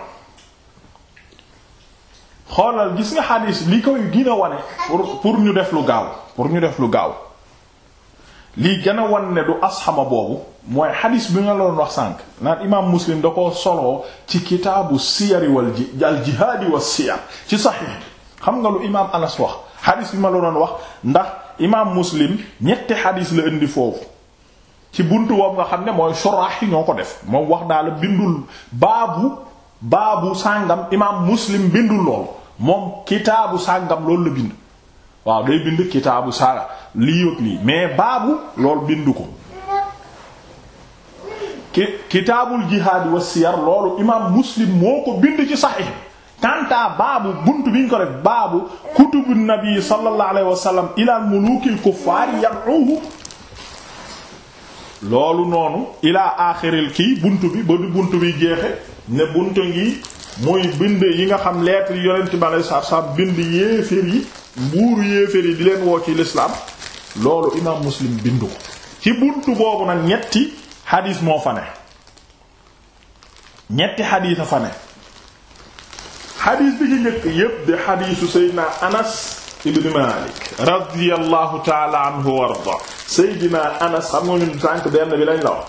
xoolal gis nga xadiis li koy dina wane pour pour ñu def lu gaaw pour ñu def lu gaaw lii gën a wan ne du asxama boobu mooy xadiis bi nga loon wax sànq naan imaam muslim da ko soloo ci kitaabu siyari wal jihaadi wa siyar ci saxiix xam nga lu imaam anas wax xadiis bi ma la doon wax ndax imaam muslim ñetti xadiis la indi foofu ci buntu woom nga xam ne mooy soraax yi ñoo ko def moom wax naa la bindul baabu baabu sàngam imaam muslim bindul loolu moom kitaabu sàngam loolu la bind waaw day bind kitaabu sara lii yëg lii mais baabu lool bind ko ki kitaabul jihaadi wa siyar loolu imaam muslim moo ko bind ci saxiix kantaa baabu buntu bi ko def baabu kutubu nabi sallallahu alayhi wa sallam ilal muluukil kuffaar yad'uuhu loolu noonu ilaa aaxiril kii bunt bi ba du bunt bi jeexe ne bunt ngi mooy bind yi nga xam lettre yi yonent bi alei satu salaam bind yéefér yi mbuuru yéefér yi di leen woo ci lislaam loolu imaam muslim bind ko ci bunt boobu nag ñetti xadiis moo fa ne ñetti xadiis a fa ne xadiis bi ci njëkk yépp di xadiisu Seydina Anas ibn Malik radiyallahu taala anhu wa arda Seydina Anas xam nga ñun sànq benn bi lañ la wax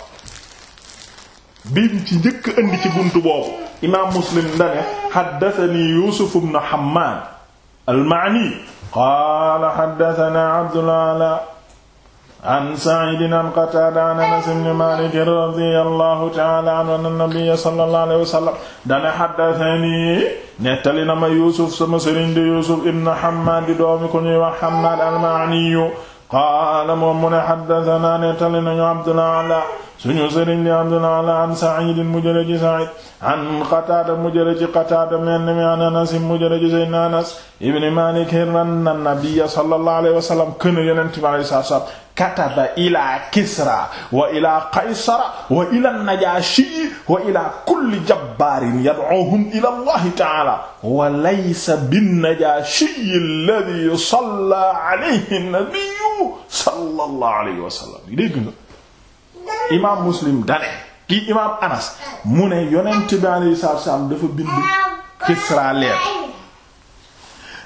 biim ci njëkk indi ci buntu boobu imaam Muslim dane haddathani Yusuf ibn Hamman al-Ma'ni qaala haddathana Abdul Ala an Saciid an Qataada an Anas ibn Maalik radiyallahu ta'aala anhu anna nabiyya sallallahu alayhi wa sallam dana haddathanii nettali na ma Yuusuf sama sëriñ di Yuusuf ibn Hammaad di doomi ko ñuy wax Hammaad al-Maaniyu qaala moom mu ne haddathanaa nettali nañu Abdul A'laa suñu sëriñ li Abdul Ala an Sa'id mu jële ci Sa'id an Qataada mu jële ci Qataada menn mi an Anas mu jële ci Seydina Anas ibn Maalik an nabiyya sallallahu alayhi wa sallam kën yonent bi alayhi salaam kataba ila Kisra wa ila Qaysara wa ila Najaashi wa ila kulli jabbaarin yad'uuhum ila Allahi ta'aala wa laysa bin-Najaashi alladhi salla alayhi an-nabiyyu sallallahu alayhi wa sallam imaam muslim dane kii imaam anas mu ne yonent bi alayhi salaatu wassalaam dafa bind Kisra leer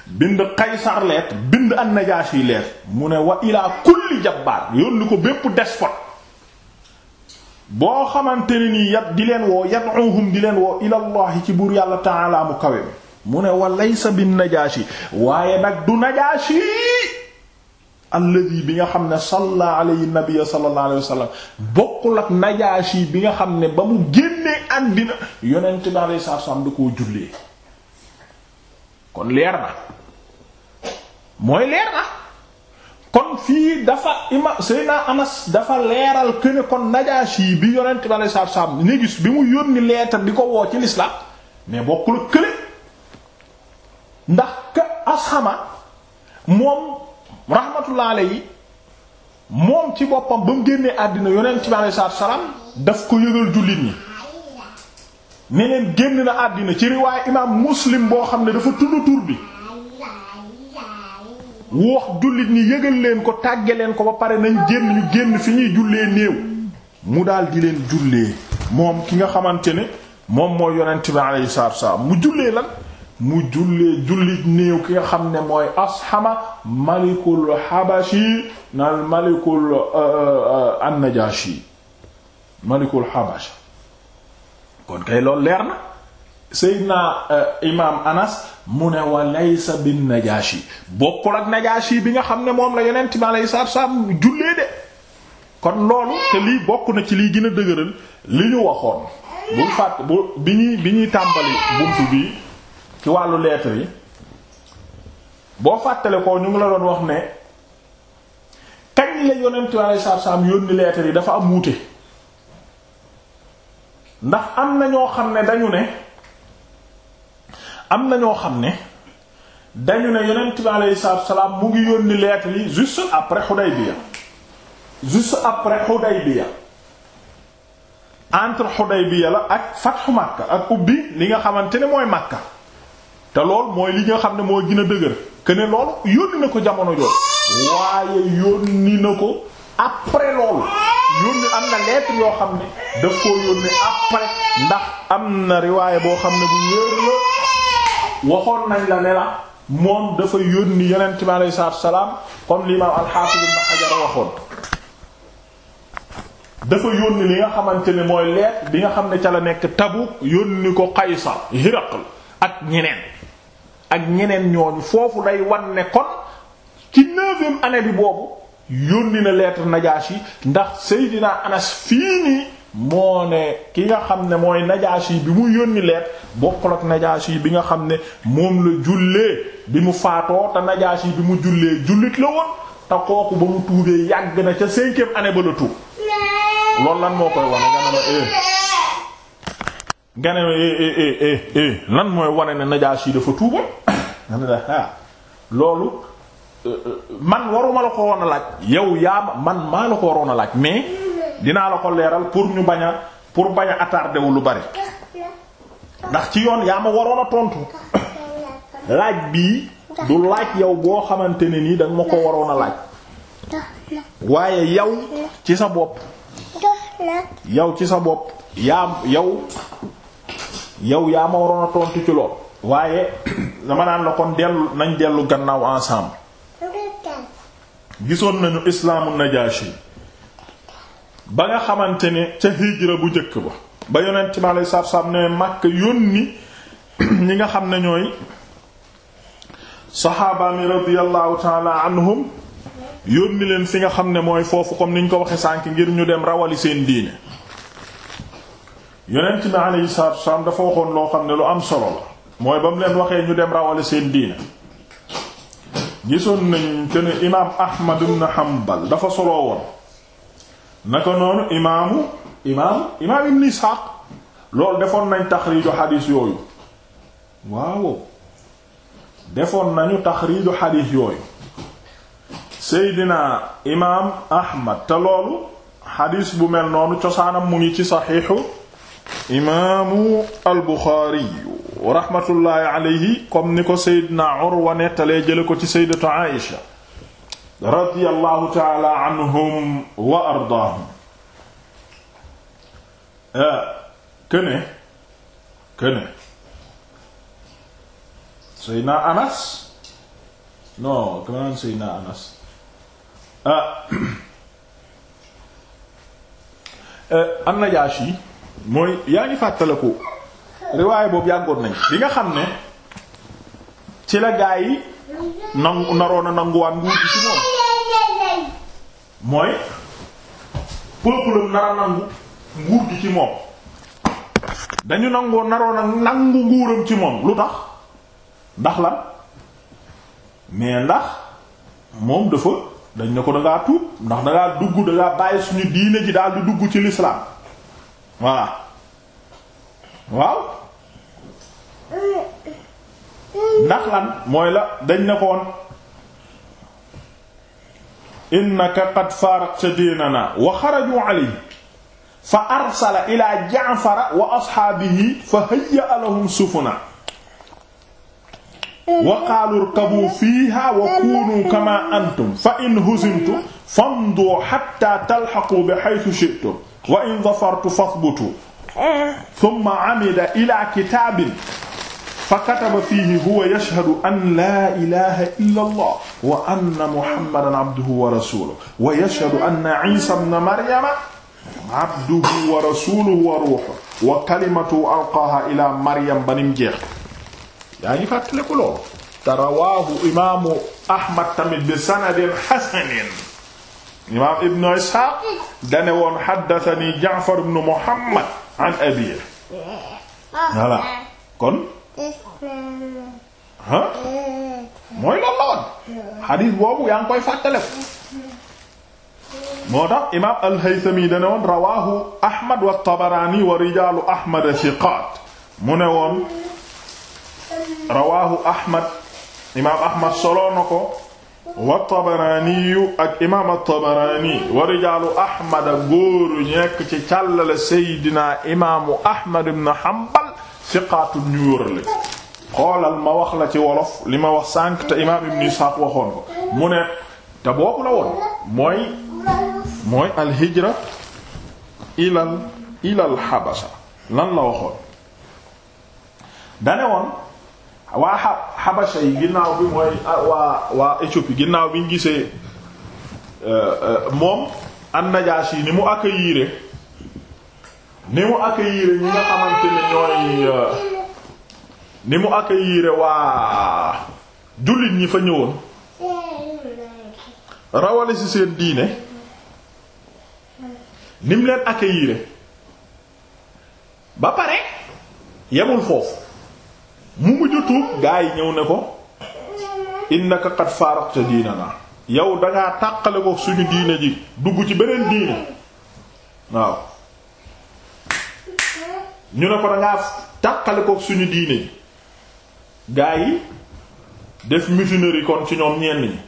bind Qaysar leer bind an-Najaashi leer mu ne wa ilaa kulli jabbaar yónni ko bépp despote boo xamante ne nii yat di leen woo yad'uuhum di leen woo ilallahi ci buur yàlla ta'ala mu kawe mu ne wa laysa bin Najaashi waaye nag du Najaashi alladi bi nga xam ne salla alayhi yi sallallahu alayhi wa sallam bokkul ak najaashi bi nga xam ne ba mu génnee àndina yonent bi alayhi salaam da koo jullee kon leer na mooy leer na kon fii dafa ima Seydina Anas dafa leeral këne kon najaashi bi yonent bi alayhi salaam ne gis bi mu yónni leetar di ko woo ci lislaam mais bokkul ak kële ndax ka asxama moom rahmatullah alayhi moom ci boppam ba mu génnee àddina yonent bi alayhi salaatu wa salaam daf ko yëgal jullit ñi ne leen génn na àddina ci riwaay imaam muslim boo xam ne dafa tudd tur bi wax jullit ñi yëgal leen ko tàgge leen ko ba pare nañ génn ñu génn fi ñuy jullee néew mu daal di leen jullee moom ki nga xamante ne moom mooy yonent bi alayhi salaatu wa salaam mu jullee lan mu jullee jullit néew ki nga xam ne mooy asxama malikul xabashi nal malikul euh, euh, annajashi malikul xabashi kon kay loolu leer na seydna euh, imam anas mu ne wa laysa bi najashi bokkul ak najashi bi nga xam ne moom la yonent bi alayhi salaatu salaam jullee de kon loolu te lii bokk na ci lii gën a dëgëral li ñu waxoon bul fàtt bu bi ñuy bi ñuy tàmbali buntu bi ci wàllu lettre yi boo fàttale ko ñu ngi la doon wax ne kañ la yonent bi aleyhi salaatu salaam yónni lettre yi dafa am wuute ndax am na ñoo xam ne dañu ne am na ñoo xam ne dañu ne yonent bi aleyhi salaatu salaam mu ngi yónni lettre yi just après bi Hudaybiya juste après Hudaybiya entre Hudaybiya la ak fathu Makka ak ubbi li nga xamante ne mooy Makka te lool mooy li nga xam ne moo gën a dëgër que ne yónni na ko jamono jooju waaye yónni na ko après loolu yónni am na lettre yoo xam ne daf koo yónni après ndax am na riwaay boo xam ne bu wér la waxoon nañ la ne la moom dafa yónni yonent bi aleyhi salaatu wa salaam comme lii al-Hafiz Ibn Hajar waxoon dafa yónni li nga xamante ne mooy lettre bi nga xam ne ca la nekk tabu yónni ko Qaysar Hiraql ak ñeneen ak ñeneen ñooñu foofu day wan ne kon ci neuvième année bi boobu yónni na lettre Najashi ndax Seydina Anas fii nii moo ne ki nga xam ne mooy Najashi bi mu yónni lettre bokkul ak Najashi bi nga xam ne moom la jullee bi mu faatoo te najaas yi bi mu jullee jullit la woon te kooku ba mu tuubee yàgg na ca cinquième année ba la tuub loolu lan moo koy wane nga ne ma eh. nga ne eh, eh, eh, lan mooy wane ne Najaashi dafa tuuba ah, loolu man waruma la ko woon a laaj yow yaa ma man maa la ko waroon a laaj mais dinaa la ko leeral pour ñu bañ a pour bañ a attardé lu bari ndax ci yoon yaa ma waroon a tontu laaj bii du laaj yow boo xamante ne nii danga ma ko waroon a laaj waaye yow ci sa bopp yow ci sa bopp yaa yow yow yaa ma waroon a tontu ci lool waaye dama naan la kon dellu nañ dellu gannaaw ensemble gisoon nañu islaamu Najaashi ba nga xamante ne ca hijra bu njëkk ba ba yonent bi aleyhi salaatu salaam ne Makk yónni ñi nga xam ne ñooy saxaaba mi radiyallahu taala anhum yónni leen fi nga xam ne mooy foofu comme ñu ko waxe sànk ngir ñu dem rawali seen diine yonent bi alayhi salaatu wasalaam dafa waxoon loo xam ne lu am solo la mooy ba mu leen waxee ñu dem rawale seen diina gisoon nañ te ne imaam Ahmad ibn Hanbal dafa solo woon naka noonu imaamu imaam imaam ibn Ishaq loolu defoon nañ taxriiju xadiis yooyu waaw defoon nañu taxriiju xadiis yooyu seydina imaam Ahmad te loolu xadiis bu mel noonu cosaanam mu ngi ci saxiixu imaamu albuxaari rahmatullahi alayhi comme ni ko seydina Urwa ko ci seydatu Aïsha taala anhum wa ardaahum eh, këne këne Anas non këne mooy yaa ngi fàttaliku riwaay boobu yàggoon nañ li nga xam ne ci la gaa yi nangu naroon a nanguwaat nguur gi ci ci moom dañu nangoo naroon a nangu nguuram ci moom lu tax ndax la mais ndax moom dafa dañ ne ko dangaa tuub ndax dangaa dugg dangaa bàyyi suñu diine ji daal di dugg ci l'islam voilà waaw ndax lan mooy la dañ ne koon innaka qad faraqta diinana wa xaraju alayhi fa arsala ila jaafara wa asxaabihi fa hayya'a lahum sufuna wa qaalu irkabuu fiiha wa kuunuu kamaa antum fa in huzimtum famduu hattaa talhaquu bi haythu shi'tum wa in zafartu fasbutu eh. thumma amida ila kitaabin fa kataba fiihi huwa yashhadu an laa ilaha illa allah wa anna muhammadan abduhu wa rasuluhu wa yashhadu anna isa ibna maryama abduhu wa rasuluhu wa ruuhuhu wa kalimatuhu alqaaha ila maryam banim jeex yaa ngi fàttaliku loolu te rawaahu imaamu ahmad tamit bi sanadin hasanin imaam ibnu isxaaq dane woon xaddatani jaafar ibnu muhammad kon ha mooy loolu la woon xadiis koy fàttale ko moo tax imaam al-Haythami dane woon rawaahu ahmad wa tabaraani wa rijaalu ahmad ko wa Tabaraniyu ak imaam at-Tabarani wa rijaalu Ahmad góoru ñu ci càllale Seydina imaamu Ahmad ibn Hanbal siqaatu ñu wóor la xoolal ma wax la ci wolof li ma wax sànq te imaam Ibn Ishaq waxoon ko mu ne te boobu la woon mooy al-hijra ilal ilal Habasha lan la waxoon dane woon waa xa xabasa yi ginnaaw bi mooy ah, waa waa Éthiopie ginnaaw bi ñu gisee euh, euh, moom an-Najaashi ni mu accueillir ni mu accueillir ñi nga xamante ne ñooy euh, ni mu accueillir waa jullit ñi fa ñëwoon rawale ci seen diine ni mu leen accueillir ba pare yemul foofu. mu mujj tuub gaa yi ñëw ne ko innaka qad faraqta diinana yow dangaa tàqale ko suñu diine ji dugg ci beneen diine waaw ñu ne ko dangaa tàqale ko suñu diine ji gaa yi def mutinerie kon ci ñoom ñenn ñi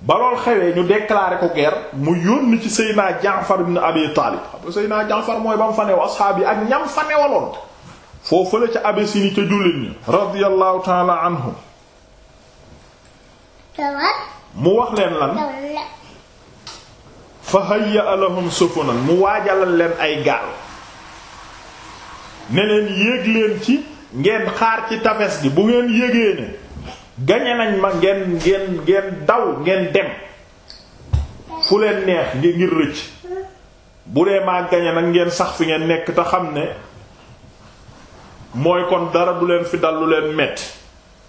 ba xewee ñu déclaré ko guerre mu yónni ci Seydina Jaafar ibn Abi Taalib xam nga Seydina Jaafar mooy ba mu fa new asxaab yi ak ñam fa newaloon foofu la ca Abesini ca jullit ñi radiyallahu taala mu wax leen lan fa hayya lahum sufunan mu waajalal leen ay gaal ne leen yéeg leen ci ngeen xaar ci tafes gi bu ngeen yégee ne gañe nañ ma ngeen ngeen ngeen daw ngeen dem fu leen neex ngir rëcc bu dee maa gañe nag ngeen sax fi ngeen nekk te xam ne mooy kon dara bu leen fi dal leen metti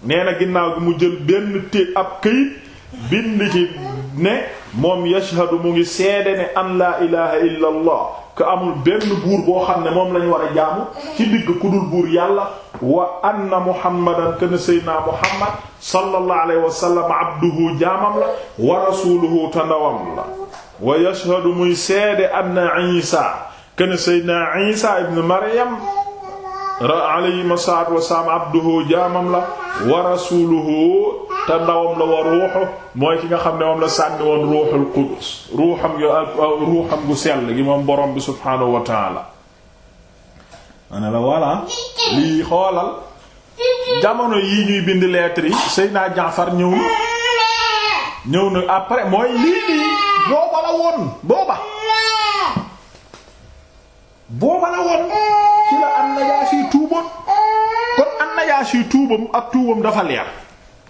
nee na ginnaaw gi mu jël benn téeg ab këyit bind ci ne moom yashhadu mu ngi seede ne an laa ilaha illa allah amul benn buur boo xam ne moom lañu war a jaamu ci digg ku dul buur yàlla wa anna muhammadan kana seydina muhammad sallallahu alayhi wa sallam abduhu jaamam la wa rasuluhu tandawam la wa yashhadu muy seede anna isa kana seydina isa ibn maryam alayhim salaatu wasalaam abduhu jaamam la wa rasuluhu te ndawam la wa ruuxu mooy ki nga xam ne moom la sànni woon ruuxul qudus ruuxam yu ak ruuxam gu sell gi moom borom bi subhaanahu wa taala ma ne la voilà lii xoolal jamono yii ñuy bind lettre yi Seydina Jaafar ñëw na ñëw na après mooy lii nii booba la woon booba booba la woon kon an-Najaashi yu tuubam ak tuubam dafa leer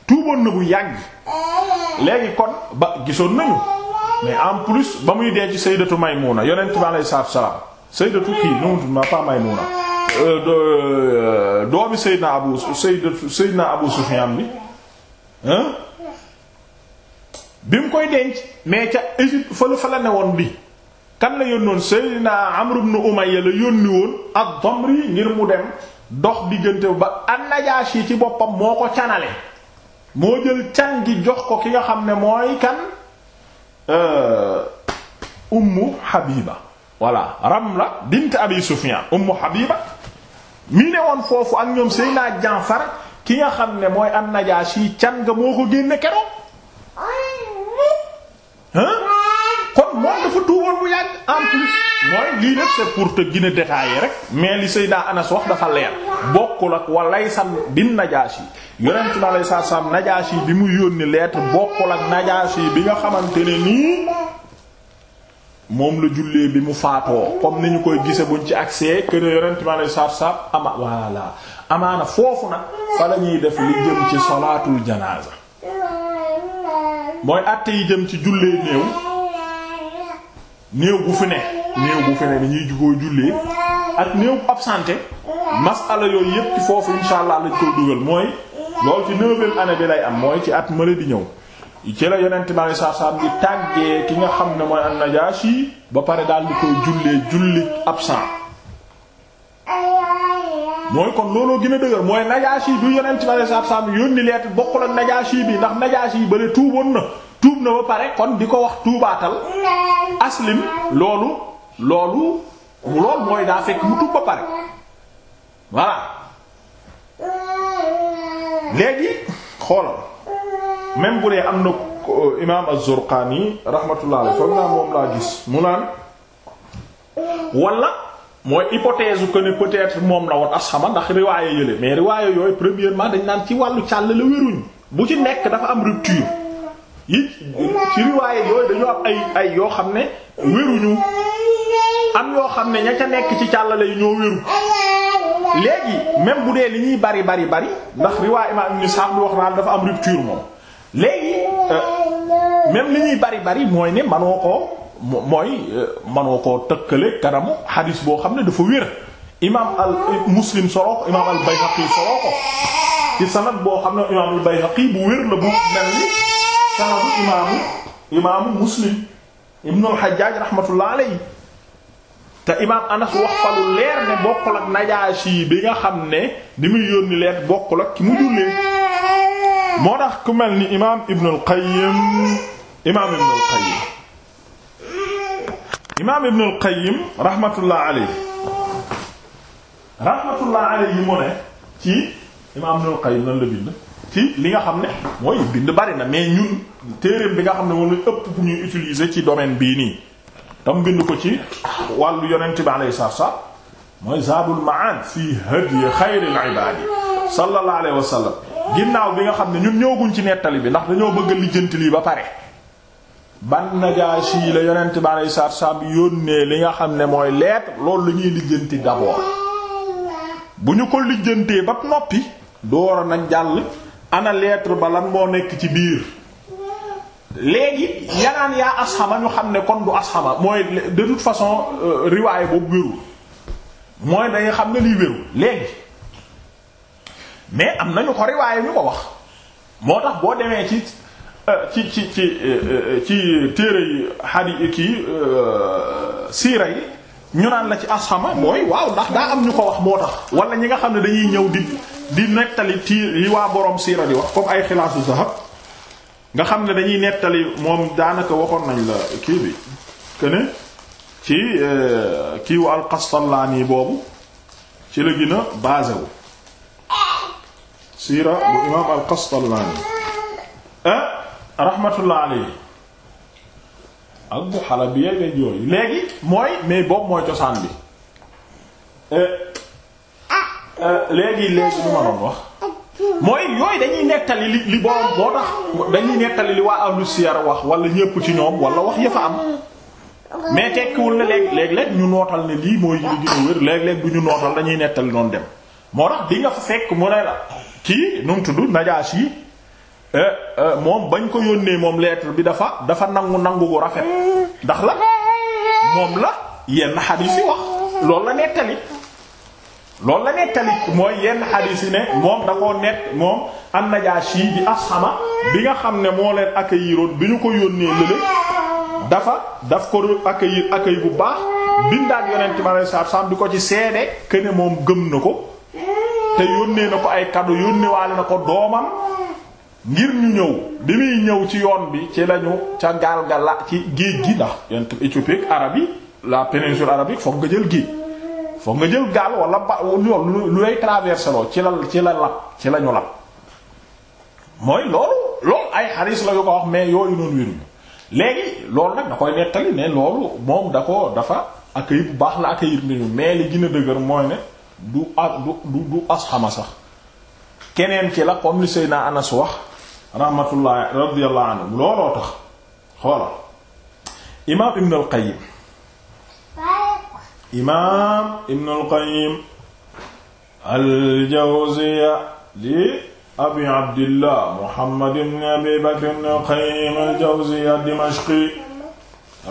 tuuboon na yàgg léegi kon ba gisoon nañu mais en plus ba muy dee ci sayyidatu Maymuna yonent bi alayhi salaatu wa salaam sayyidatu kii non pas Maymuna euh, euh, doomi sayyidina Abu sayyidatu sayyidina Abu Sufyaan bi bi mu koy denc mais ca Égypte fa la fa la bi kan la yónnoon Seydina Amr ibn Umayya la yónni woon ad-Damri ngir mu dem dox diggante ba an yi ci boppam moo ko canale moo jël can gi jox ko ki nga xam ne mooy kan euh, Ummu Habiba voilà Ramla bint Abi Sufyan Ummu Habiba mi ne woon foofu ak ñoom Seydina Jaafar ki nga xam ne mooy an-Najaashi can nga moo ko génne keroog en plus mooy lii lépp c'est pour te gën a rek mais li seyda Anas wax dafa leer bokkul ak walay sam bin Najaashi yonent bi alayhi salaatu salaam Najaashi bi mu yónni leetr bokkul ak Najaashi bi nga xamante ne nii moom la jullee bi mu faatoo comme ni koy gise buñ ci accès que ne yonent sa alayhi salaatu amaana foofu na fa la ñuy def li jëm ci solaatul janaaza mooy àtte yi jëm ci jullee néew. néew bu fi ne néew bu fi ne ñuy jugoo jullee ak néew absenté masala yooyu yépp ci foofu insha allah lañ koy dugal mooy lool ci neuvième année bi lay am mooy ci at mala di ñëw ci la yonent ma saa saam di tàggee ki nga xam ne mooy an-Najaashi ba pare daal di ko jullee julli absent mooy kon looloo gën a dëgër mooy Najaashi bi yonent ma saa saam yónni leet bokkul ak Najaashi bi ndax Najaashi yi bële tuuboon na tuub na ba pare kon di ko wax tuubaatal aslim loolu loolu loolu mooy daa fekk mu tuub ba pare voilà léegi xoolal même bu am na imaam az-Zurqaani rahmatullah alayhi foog naa moom laa gis mu naan wala mooy hypothèse que ne peut moom la woon asxama ndax riwaaye yële mais riwaaye yooyu premièrement dañ naan ci wàllu càll la wéruñ bu ci nekk dafa am rupture yi ci riwaaye yooyu dañu am ay ay yoo xam ne wéruñu am yoo xam ne ña ca nekk ci càllale yi ñoo wéru léegi même bu dee li ñuy bari bari bari ndax riwaay imaam Ibn Sa'd wax naa dafa am moom léegi euh, li ñuy bari bari mooy ne manoo koo mooy euh, manoo koo tëkkale kanam xadiis boo xam ne dafa wér imaam al Muslim soloo imaam al Bayhaqi soloo ci sanad boo xam ne imaam al Bayhaqi bu wér la bu mel ni sanadu imaamu imaamu muslim ibnu al-Hajjaj rahmatullah te imaam Anas wax leer ne bokkul ak Najaashi bi nga xam ne ni muy yónni leer bokkul ak ki mu jullee moo tax ku mel ni imaam Ibn qayyim imaam Ibn qayyim imaam Ibn al-Qayyim rahmatullah mu ne ci imaam Ibn qayyim lan la bind. ci li nga xam ne mooy bind bari na mais ñun téereem bi nga xam ne moom ëpp bu ñuy utiliser ci domaine bii nii tam bind ko ci wàllu yonent bi alayhi salaam mooy Zaadul si fii hadyi xayril ibaad sallallahu alayhi wa sallam ginnaaw bi nga xam ne ñun ñëwaguñ ci nettali bi ndax dañoo bëgg a lijjanti lii ba pare. ban Najaashi la yonent bi alayhi salaam bi yónnee li nga xam ne mooy lettre loolu la ñuy lijjanti d'abord bu ñu ko lijjantee ba noppi door nañ jàll. ana lettre ba lan moo nekk ci biir léegi yanaan yaa asxama ñu xam ne kon du asxama mooy de toute façon euh, riwaay boobu wérul mooy dañuy xam ne lii wérul léegi mais am nañu ko riwaay ñu ko wax moo tax boo demee ci euh, ci ci ci euh, ci téere yi xadi kii siira yi ñu naan la ci asxama mooy waaw ndax daa am ñu ko wax moo tax wala ñi nga xam ne dañuy ñëw di di nettali ti yi waa boroom siira di wax comme ay xilaasu zahab nga xam ne dañuy nettali moom daanaka waxoon nañ la kii bi këne ci euh, kiiwu alxastallaanii boobu ci la gën a basé wu siira bu imaam alxastallaani eh, rahmatullah alayhi ak bu xala bi yegg yooyu mooy mais boobu mooy cosaan bi eh, Euh, léegi léegi lu ma doon wax mooy yooyu dañuy nettali li li borom boo tax dañuy nettali li waa ahlu siyar wax wala ñépp ci ñoom wala wax ya fa am mais tekkiwul na léeg léeg-léeg ñu nootal ne lii mooy li gën a wér léeg-léeg du ñu nootal dañuy nettali noonu dem moo tax di nga fekk mu ne la kii nu mu tudd najaas yi euh, euh, moom bañ ko yónnee moom lettre bi dafa dafa nangu nangu gu rafet ndax la moom la yenn xadiis yi wax loolu la nettali loolu la nettali mooy yenn xadiis yi ne moom da koo nett moom an-Najaashi bi asxama bi nga xam ne moo leen accueilliroon bi ñu ko yónnee lële dafa daf ko accueillir accueil bu baax bindaat yonent bi alayhi salaatu salaam di ko ci seede que ne moom gëm na ko te yónnee na ko ay cadeau yónneewaale na ko doomam ngir ñu ñëw bi muy ñëw ci yoon bi ci lañu ca gaal ga la ci géej gi ndax yonent Éthiopie ak arab yi la péninsule arabique fokk nga jël géej. foog nga jël gaal wala ba loolu lu lay traversé ci la ci la lab ci la ñu lab mooy loolu loolu ay xaris la yu ko wax mais yooyu noonu wéruñu léegi loolu nag da koy nettali ne loolu moom da ko dafa ak bu baax la accueillir nañu mais li gën a dëgër mooy ne du du du asxama sax keneen ci la comme li Seydina Anas wax rahmatullah radiyallahu anhu looloo tax xoola imaam Ibn al-Qayyim imaam Ibnul Qayyim al-Jawziyya li abi abdillah Muhammad ibn Abi Bakr ibnul Qayyim al-Jawziyya ad-Dimashqi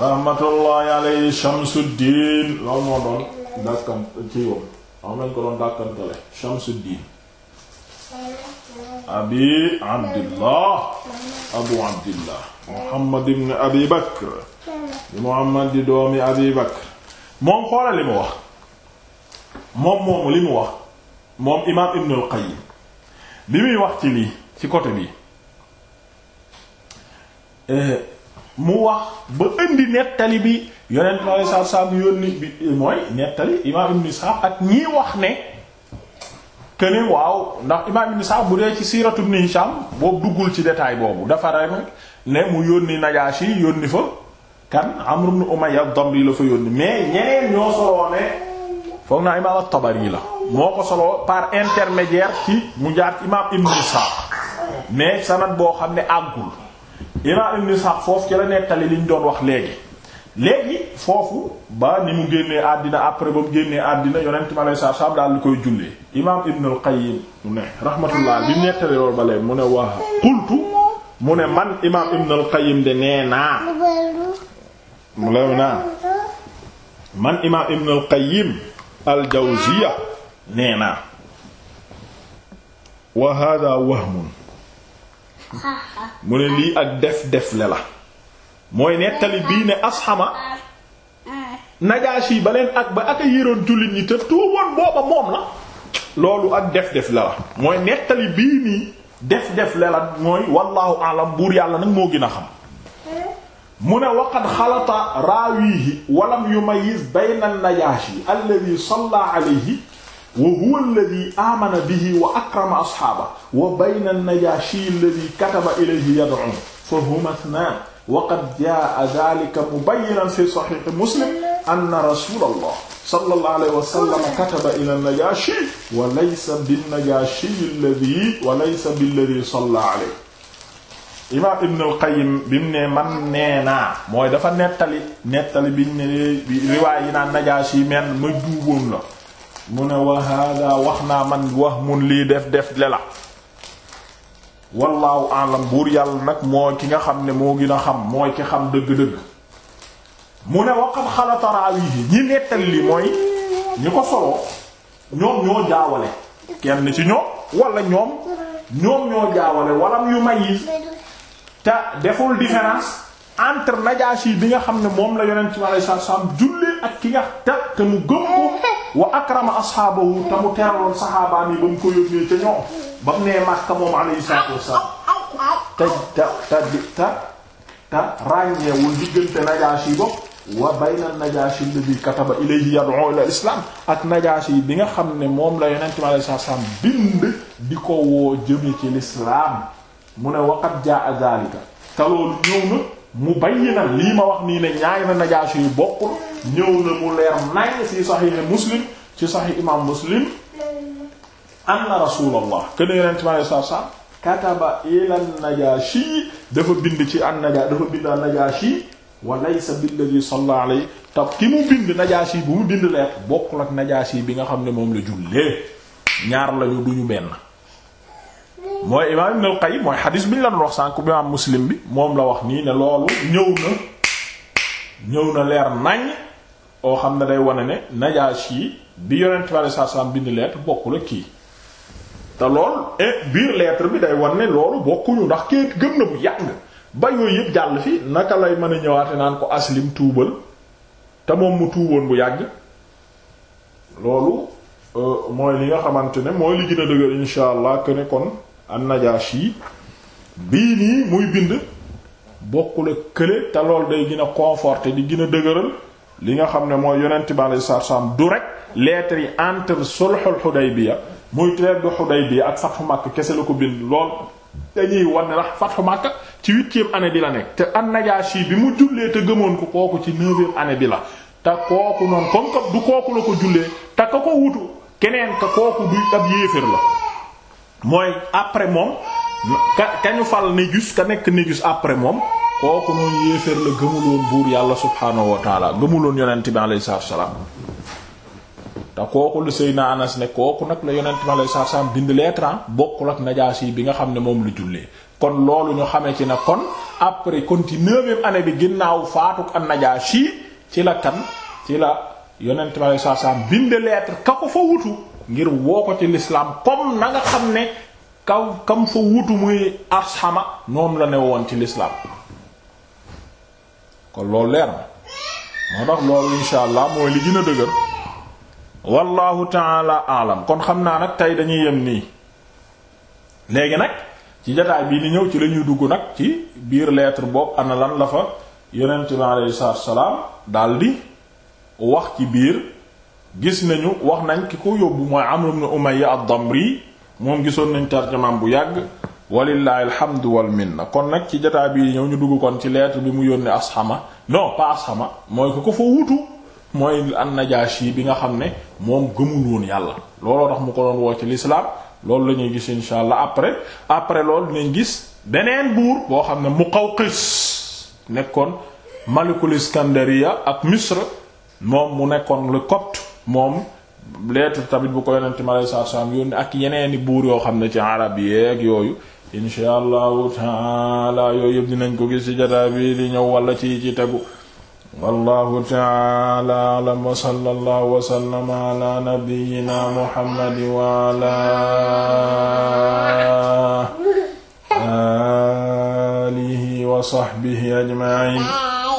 rahmatullahi alayhi Shamsuddiin loolu moo doon dàkkan ci yoon am nañ ko doon dàkkantale Shamsuddiin abi abdillah abu abdillah Muhammad ibn Abi Bakr di Muhammad di doomi Abi Bakr moom xoolal li mu wax moom moomu li mu wax moom imaam Ibn al bi muy wax ci lii ci côté bi eh, mu wax ba indi nettali bi yonent bi alayhi salaam yónni bi mooy nettali imaam Ibn Ishaq ak ñii wax ne këne waaw ndax imaam Ibn Ishaq bu dee ci siiratu Ibn Hisham boobu duggul ci détail boobu dafa rek ne mu yónni Najaashi yónni fa kan Amr ibn Umayya ad-Damri la fa yónni mais ñeneen ñoo soloo foog naa imaam at-Tabari la moo ko soloo par intermédiaire ci mu jaar ci imaam Ibn Ishaq mais sanad boo xam ne àggul imaam Ibn Ishaq foofu ci la nettali liñ doon wax léegi léegi foofu ba ni mu génnee àddina après ba mu génnee àddina yonent ma lay saab saab daal di koy jullee imaam Ibn al mu ne rahmatullah bi nettali loolu ba léegi mu ne waa qultu mu ne man imaam Ibn al de nee mu lay naan man imaam Ibn al-Qayyim al-Jawziyya nee naa wa hada wahmun mu ne lii ak def def le la mooy nettali bii ne asxama Najaashi ba leen ak ba ak a yéroon jullit ñi te tuuboon booba moom la loolu ak def def le mooy nettali bii nii def def le mooy wallaahu alam buur yàlla nag moo gën a xam mu ne waqad xalata raawihi walam yumayyiz bayna an-najaashi alladhi salla alayhi wa huwa alladhi aamana bihi wa akrama ashaabahu wa bayna an-najaashi alladhi kataba ilayhi yad'uhu fa huma ithnaan wa qad jaa'a dhaalika mubayyanan fi sahiih muslim anna rasuulallah sallallahu alayhi wa sallam kataba ila an-najaashi wa laysa bin-najaashi alladhi wa laysa billadhi salla alayhi imaam Ibn al bi mu ne man nee naa mooy dafa nettali nettali bi ne riwaay yi naan Najaashi yi men ma juuboon la mu ne wa hada wax naa man wax mun lii def def le la wallaahu alam buur yàlla nag moo ki nga xam ne moo gën a xam mooy ki xam dëgg-dëgg mu ne waqad xalata raawihi ñi nettali li mooy ñi ko solo ñoom ñoo jaawale kenn ci ñoom wala ñoom ñoom ñoo jaawale walam yu mayiz te deful différence entre Najaashi bi nga xam ne moom la yonent bi alayhi salaam jullee ak ki nga te te mu gëm ko wa akrama ashaabahu te mu teraloon saxaabaam yi ba mu ko yónnee ca ñoom ba mu nee Makka moom alayhi salaatu wassalaam te te te te te ràññeewul diggante Najaashi bopp wa bayna Najaashi alladhi kataba ilayhi yad'u ila al-islam ak Najaashi bi nga xam ne moom la yonent bi alayhi salaam bind di ko woo jëme ci l'islam mu ne waqat jaa a te loolu ñëw na mu na lii ma wax nii ne ñaari na najaasu yu bokkul ñëw na mu leer nañ ci sahih muslim ci sahih imam muslim anna rasulallah kene yonent ma lay sar sa kataba ila najashi dafa bind ci an naja dafa bind an najashi wa laysa billadhi salla alayhi te ki mu bind najashi bu mu bind leer bokkul ak najashi bi nga xam ne moom la jullee ñaar lañu duñu benn mooy imaam Ibn al-Qayyim sànq bi imaam Muslim bi moom la wax nii ne loolu ñëw na ñëw na leer xam ne day wane ne Najaashi yi bi yonent bi alayhi salaam bokkul ak kii te lool e, biir bi day wane ne loolu ndax kii gëm na bu yëpp jàll fi naka lay mën a ñëwaate naan ko aslim tuubal te moom mu tuuboon bu yàgg loolu euh, mooy li nga xamante ne mooy li gën a dëgër insha allah kon. an-Najashi bii nii muy bind bokkul ak kële te lool day gën a conforter di gën a dëgëral li nga xam ne mooy yonent bi alayhi salaatu du rek lettre yi entre sulhul Hudaybiya muy traité du Hudaybiya ak Fathu Makka kese la ko bind lool dañuy wan ne ndax Fathu Makka ci huitième année bi la nekk te an-Najashi bi mu jullee te gëmoon ko kooku ci neuvième année bi la te kooku noonu comme que du kooku la ko jullee te ka ko wutu keneen mooy après moom ka kañu fal négus ka nekk négus après moom kooku noonu yéeféer la gëmuloon buur yàlla subhaanahu wa taala gëmuloon yonent bi alayhi salaatu wassalaam te kooku la Seydina Anas ne kooku nag la yonent bi alayhi salaatu wassalaam bind lettre ah, bokkul ak Najaasi bi nga xam ne moom la jullee kon loolu ñu xamee ci na kon après kon ci neuvième année bi ginnaaw faatuk an Najaasi ci la kan ci la yonent bi alayhi salaatu wassalaam bind lettre ka ko fa wutu ngir woo ko ci lislaam comme na nga xam ne kaw kam fa wutu muy asxama noonu la ne woon ci lislaam kon loolu leer na moo tax loolu insha allah mooy li gën a dëgër wallahu taala alam kon xam naa nag tey dañuy yem nii léegi nag ci jataay bii ni ñëw ci lañuy dugg nag ci biir lettre boobu ana lan la fa yonent bi alayhi salaam daldi wax ci biir gis nañu wax nañ ki ko yóbbu mooy Amr ibn Umayya ad-Damri moom gisoon nañ tarjamaam bu yàgg walillahi alhamdu wal minna kon nag ci jataa bi ñëw ñu dugg kon ci lettre bi mu yónnee Ashama non pas Ashama mooy ko ko fa wutu mooy an-Najashi bi nga xam ne moom gëmul woon yàlla looloo tax mu ko doon woo ci l'islam loolu la ñuy gis insha allah après après loolu dinañ gis beneen buur boo xam ne mu Muqawqis nekkoon malikul Iskandariya ak Misr moom mu nekkoon moom lettre tamit bu ko yonente mi aleyi salaatu salaam yónni ak yeneeni buur yoo xam ne ci arab yeeg yooyu insha allahu taala yooyu yëpp dinañ ko gis ci jataa bi li ñëw wala ci ci tegu wallahu taala alam wa sallallahu wa sallama ala nabiyyina muhammad wa ala wa sahbihi ajma'in